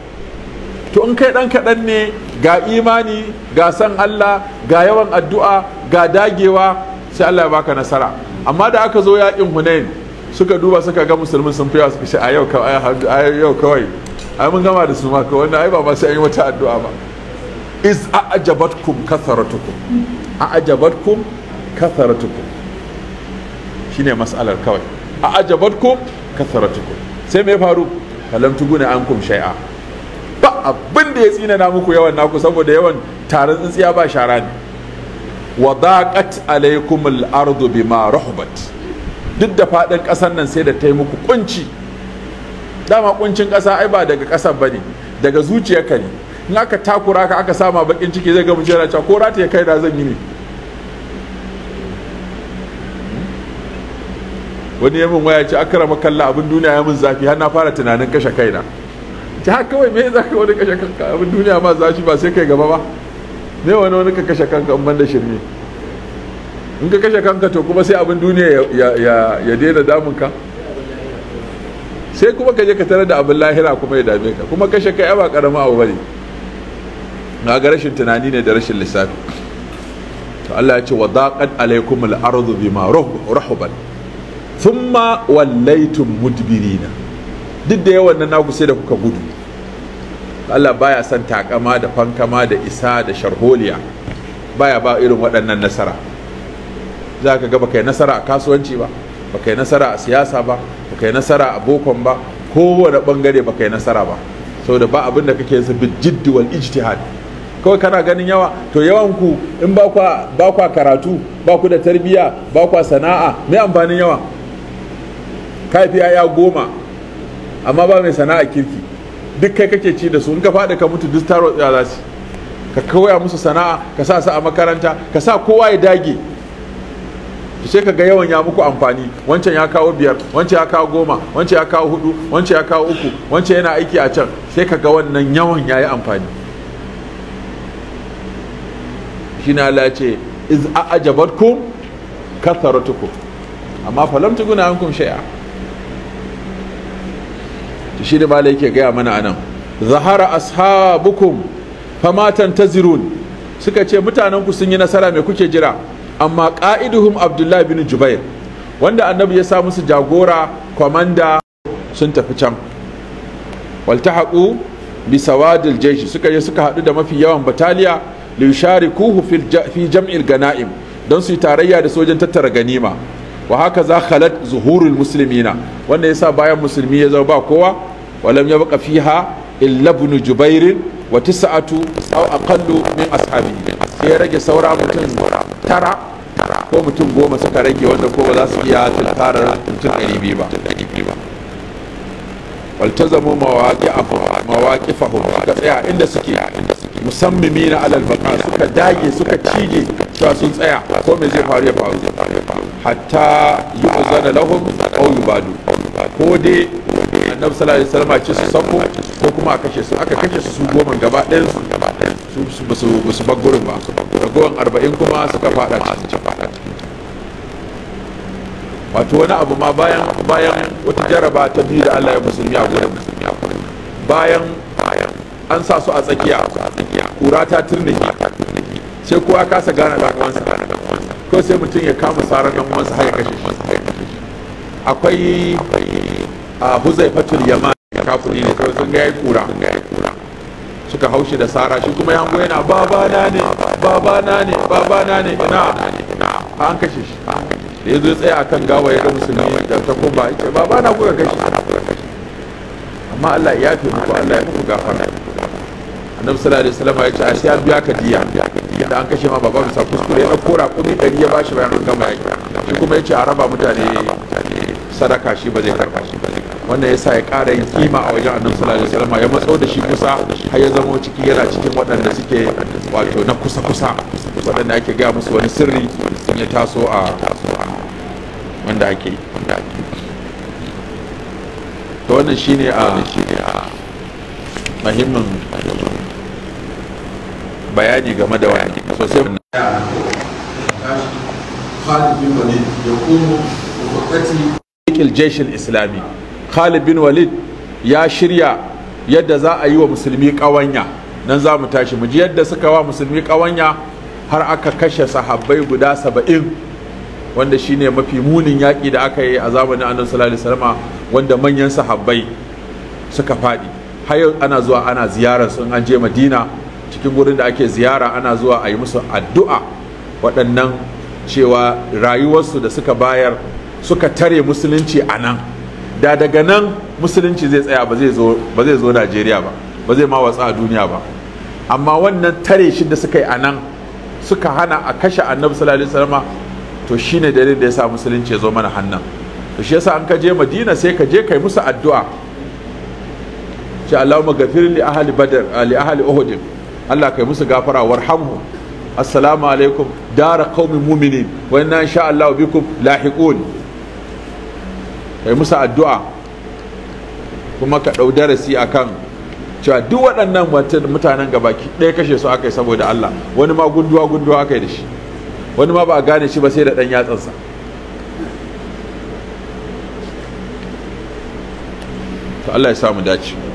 [SPEAKER 1] to in kai ɗan kaɗan ne ga imani ga san Allah ga yawan addu'a ga dagewa sai Allah ya baka nasara amma da aka zo yakin hunain suka duba suka ga musulmi sun fi yawa suka ce a yau kawai ai mun gama da su ma kawai wanda ai ba ma sai an yi wata addu'a ba iz a'jabatkum kasaratukum a'jabatkum Shi shine mas'alar kawai a ajabatkum katharatukum sai me faru falam an ankum shay'a ba abin da ya tsina na muku yawan naku saboda yawan taron tsintsiya ba shara ne wa daqat alaykum al-ardu bima rahbat duk da faɗin kasan nan sai da ta yi muku kunci dama kuncin kasa ai ba daga ba ne. daga zuciyarka ne in aka takura ka aka sama bakin ciki zai ga mutum yana ko rata ya kai da zan yi ne wani ya waya ce akara makalla abin duniya ya min zafi har na fara tunanin kashe kaina ta haka kawai me za ka wani kashe kanka abin duniya ma zafi ba sai kai gaba ba me wani wani ka kashe kanka in banda shirme in ka kashe kanka to kuma sai abin duniya ya daina damun ka sai kuma ka je ka tare da abin lahira kuma ya dame ka kuma kashe kai ba karama abu bane na ga rashin tunani ne da rashin lissafi to Allah ya ce wa daqat alaikum al-ardu bima rahuban thumma wallaitum mudbirina duk da yawan na naku sai da kuka gudu Allah baya son takama da fankama da isa da sharholiya baya ba irin waɗannan nasara za ka ga baka yi nasara a kasuwanci ba baka yi nasara a siyasa ba baka yi nasara a bokon ba kowane bangare baka yi nasara ba saboda ba abin da kake yin bi jiddi wal ijtihad kawai kana ganin yawa to yawan ku in ba kwa karatu ba ku da tarbiyya ba kwa sana'a mai amfanin yawa ka ya goma amma ba mai sana'a kirki duk kai kake ci da su in ka faɗi ka mutu duk taro ya za ka koya musu sana'a ka sa su a makaranta ka sa kowa ya dage Ka ce ka ga yawan ya muku amfani wancan ya kawo biyar wancan ya kawo goma wancan ya kawo hudu wancan ya kawo uku wancan yana aiki a can sai ka ga wannan yawan ya yi amfani shi na lace iz a'ajabatkum kasaratukum amma falam tuguna ankum shay'a to shi ne mala yake gaya mana anan zahara ashabukum fama tantazirun suka ce mutanenku sun yi nasara mai kuke jira amma qa'iduhum abdullah bin jubair wanda annabi ya sa musu jagora komanda sun tafi can waltahaqu bi sawadil jaysh suka je suka hadu da mafi yawan bataliya li kuhu fi jam'il ganaim don su yi tarayya da sojan tattara ganima wa haka za khalat zuhurul muslimina wanda yasa bayan musulmi ya zama ba kowa walam yabqa fiha illa ibn jubair wa tis'atu aw aqallu min ashabihi sai ya rage saura mutum tara ko mutum goma suka rage wanda ko ba za su iya tunkarar mutum ɗari biyu ba waltazamu mawaqifahum suka tsaya inda suke musammimi na alal baka suka dage suka cije cewa sun tsaya ko me zai faru ya faru hatta yu'zana lahum ba yubadu ko dai annabi sallallahu alaihi wasallam ce su sako ko kuma a kashe su aka kashe su su goma gaba ɗayan su ba su ba gurin ba ragowar arba'in kuma suka fada cikin wato wani abu ma bayan bayan wata jaraba ta biyu da Allah ya musulmi a gurin bayan an sa su a tsakiya kura ta turne sai kowa kasa gane dan uwansa ko sai mutum ya kama tsara dan uwansa har ya kashe shi akwai a huzaifatul yaman kafu ne kawai sun ga yayi kura suka haushi da tsara shi kuma yan yango na babana ne babana ne babana ne na an kashe shi da ya zo a akan gawa ya da musulmi da takumba ya ce babana kuka kashe amma Allah ya fi muku Allah ya muku gafara annabi sallallahu alaihi wasallam ya ce a sai an biya ka diya da an kashe ma baba bisa kuskure ya dauko raƙumi ɗari ya bashi bayan an gama yaki shi kuma ya ce a raba mutane sadaka shi ba zai karɓa shi wannan ya sa ya ƙara yin kima a wajen annabi sallallahu alaihi wasallam ya matso da shi kusa har ya zama ciki yana cikin waɗanda suke wato na kusa kusa waɗanda ake gaya musu wani sirri ya taso a wanda ake yi to wannan shine a muhimmin bayani game da wani sosai jeshin islami khalid bin walid ya shirya yadda za a yi wa musulmi kawanya nan za mu tashi mu ji yadda suka wa musulmi kawanya har aka kashe sahabbai guda saba'in wanda shine mafi munin yaƙi da aka yi a zamanin annabi sallallahu alaihi wanda manyan sahabbai suka faɗi har yau ana zuwa ana ziyarar sun an je madina cikin gurin da ake ziyara ana zuwa a yi musu addu'a waɗannan cewa rayuwarsu da suka bayar suka tare musulunci a nan da daga nan musulunci zai tsaya ba zai zo najeriya ba ba zai ma watsa a duniya ba amma wannan tare shi da suka yi a nan suka hana a kashe annabi sallallahu alaihi to shine dalilin da yasa musulunci ya zo mana hannan to shi yasa an ka je madina sai ka je kai musu addu'a ce allahumma gafir li ahli badr ah, li ahli uhud allah kai musu gafara warhamhu assalamu alaikum mu'minin wa inna insha allah bikum lahiqun kai musu addu'a kuma ka dau darasi akan cewa duk waɗannan mutanen gabaki ɗaya kashe su aka yi saboda Allah wani ma gunduwa gunduwa aka yi da shi wani ma ba a gane shi ba sai da ɗan yatsansa to Allah ya samu dace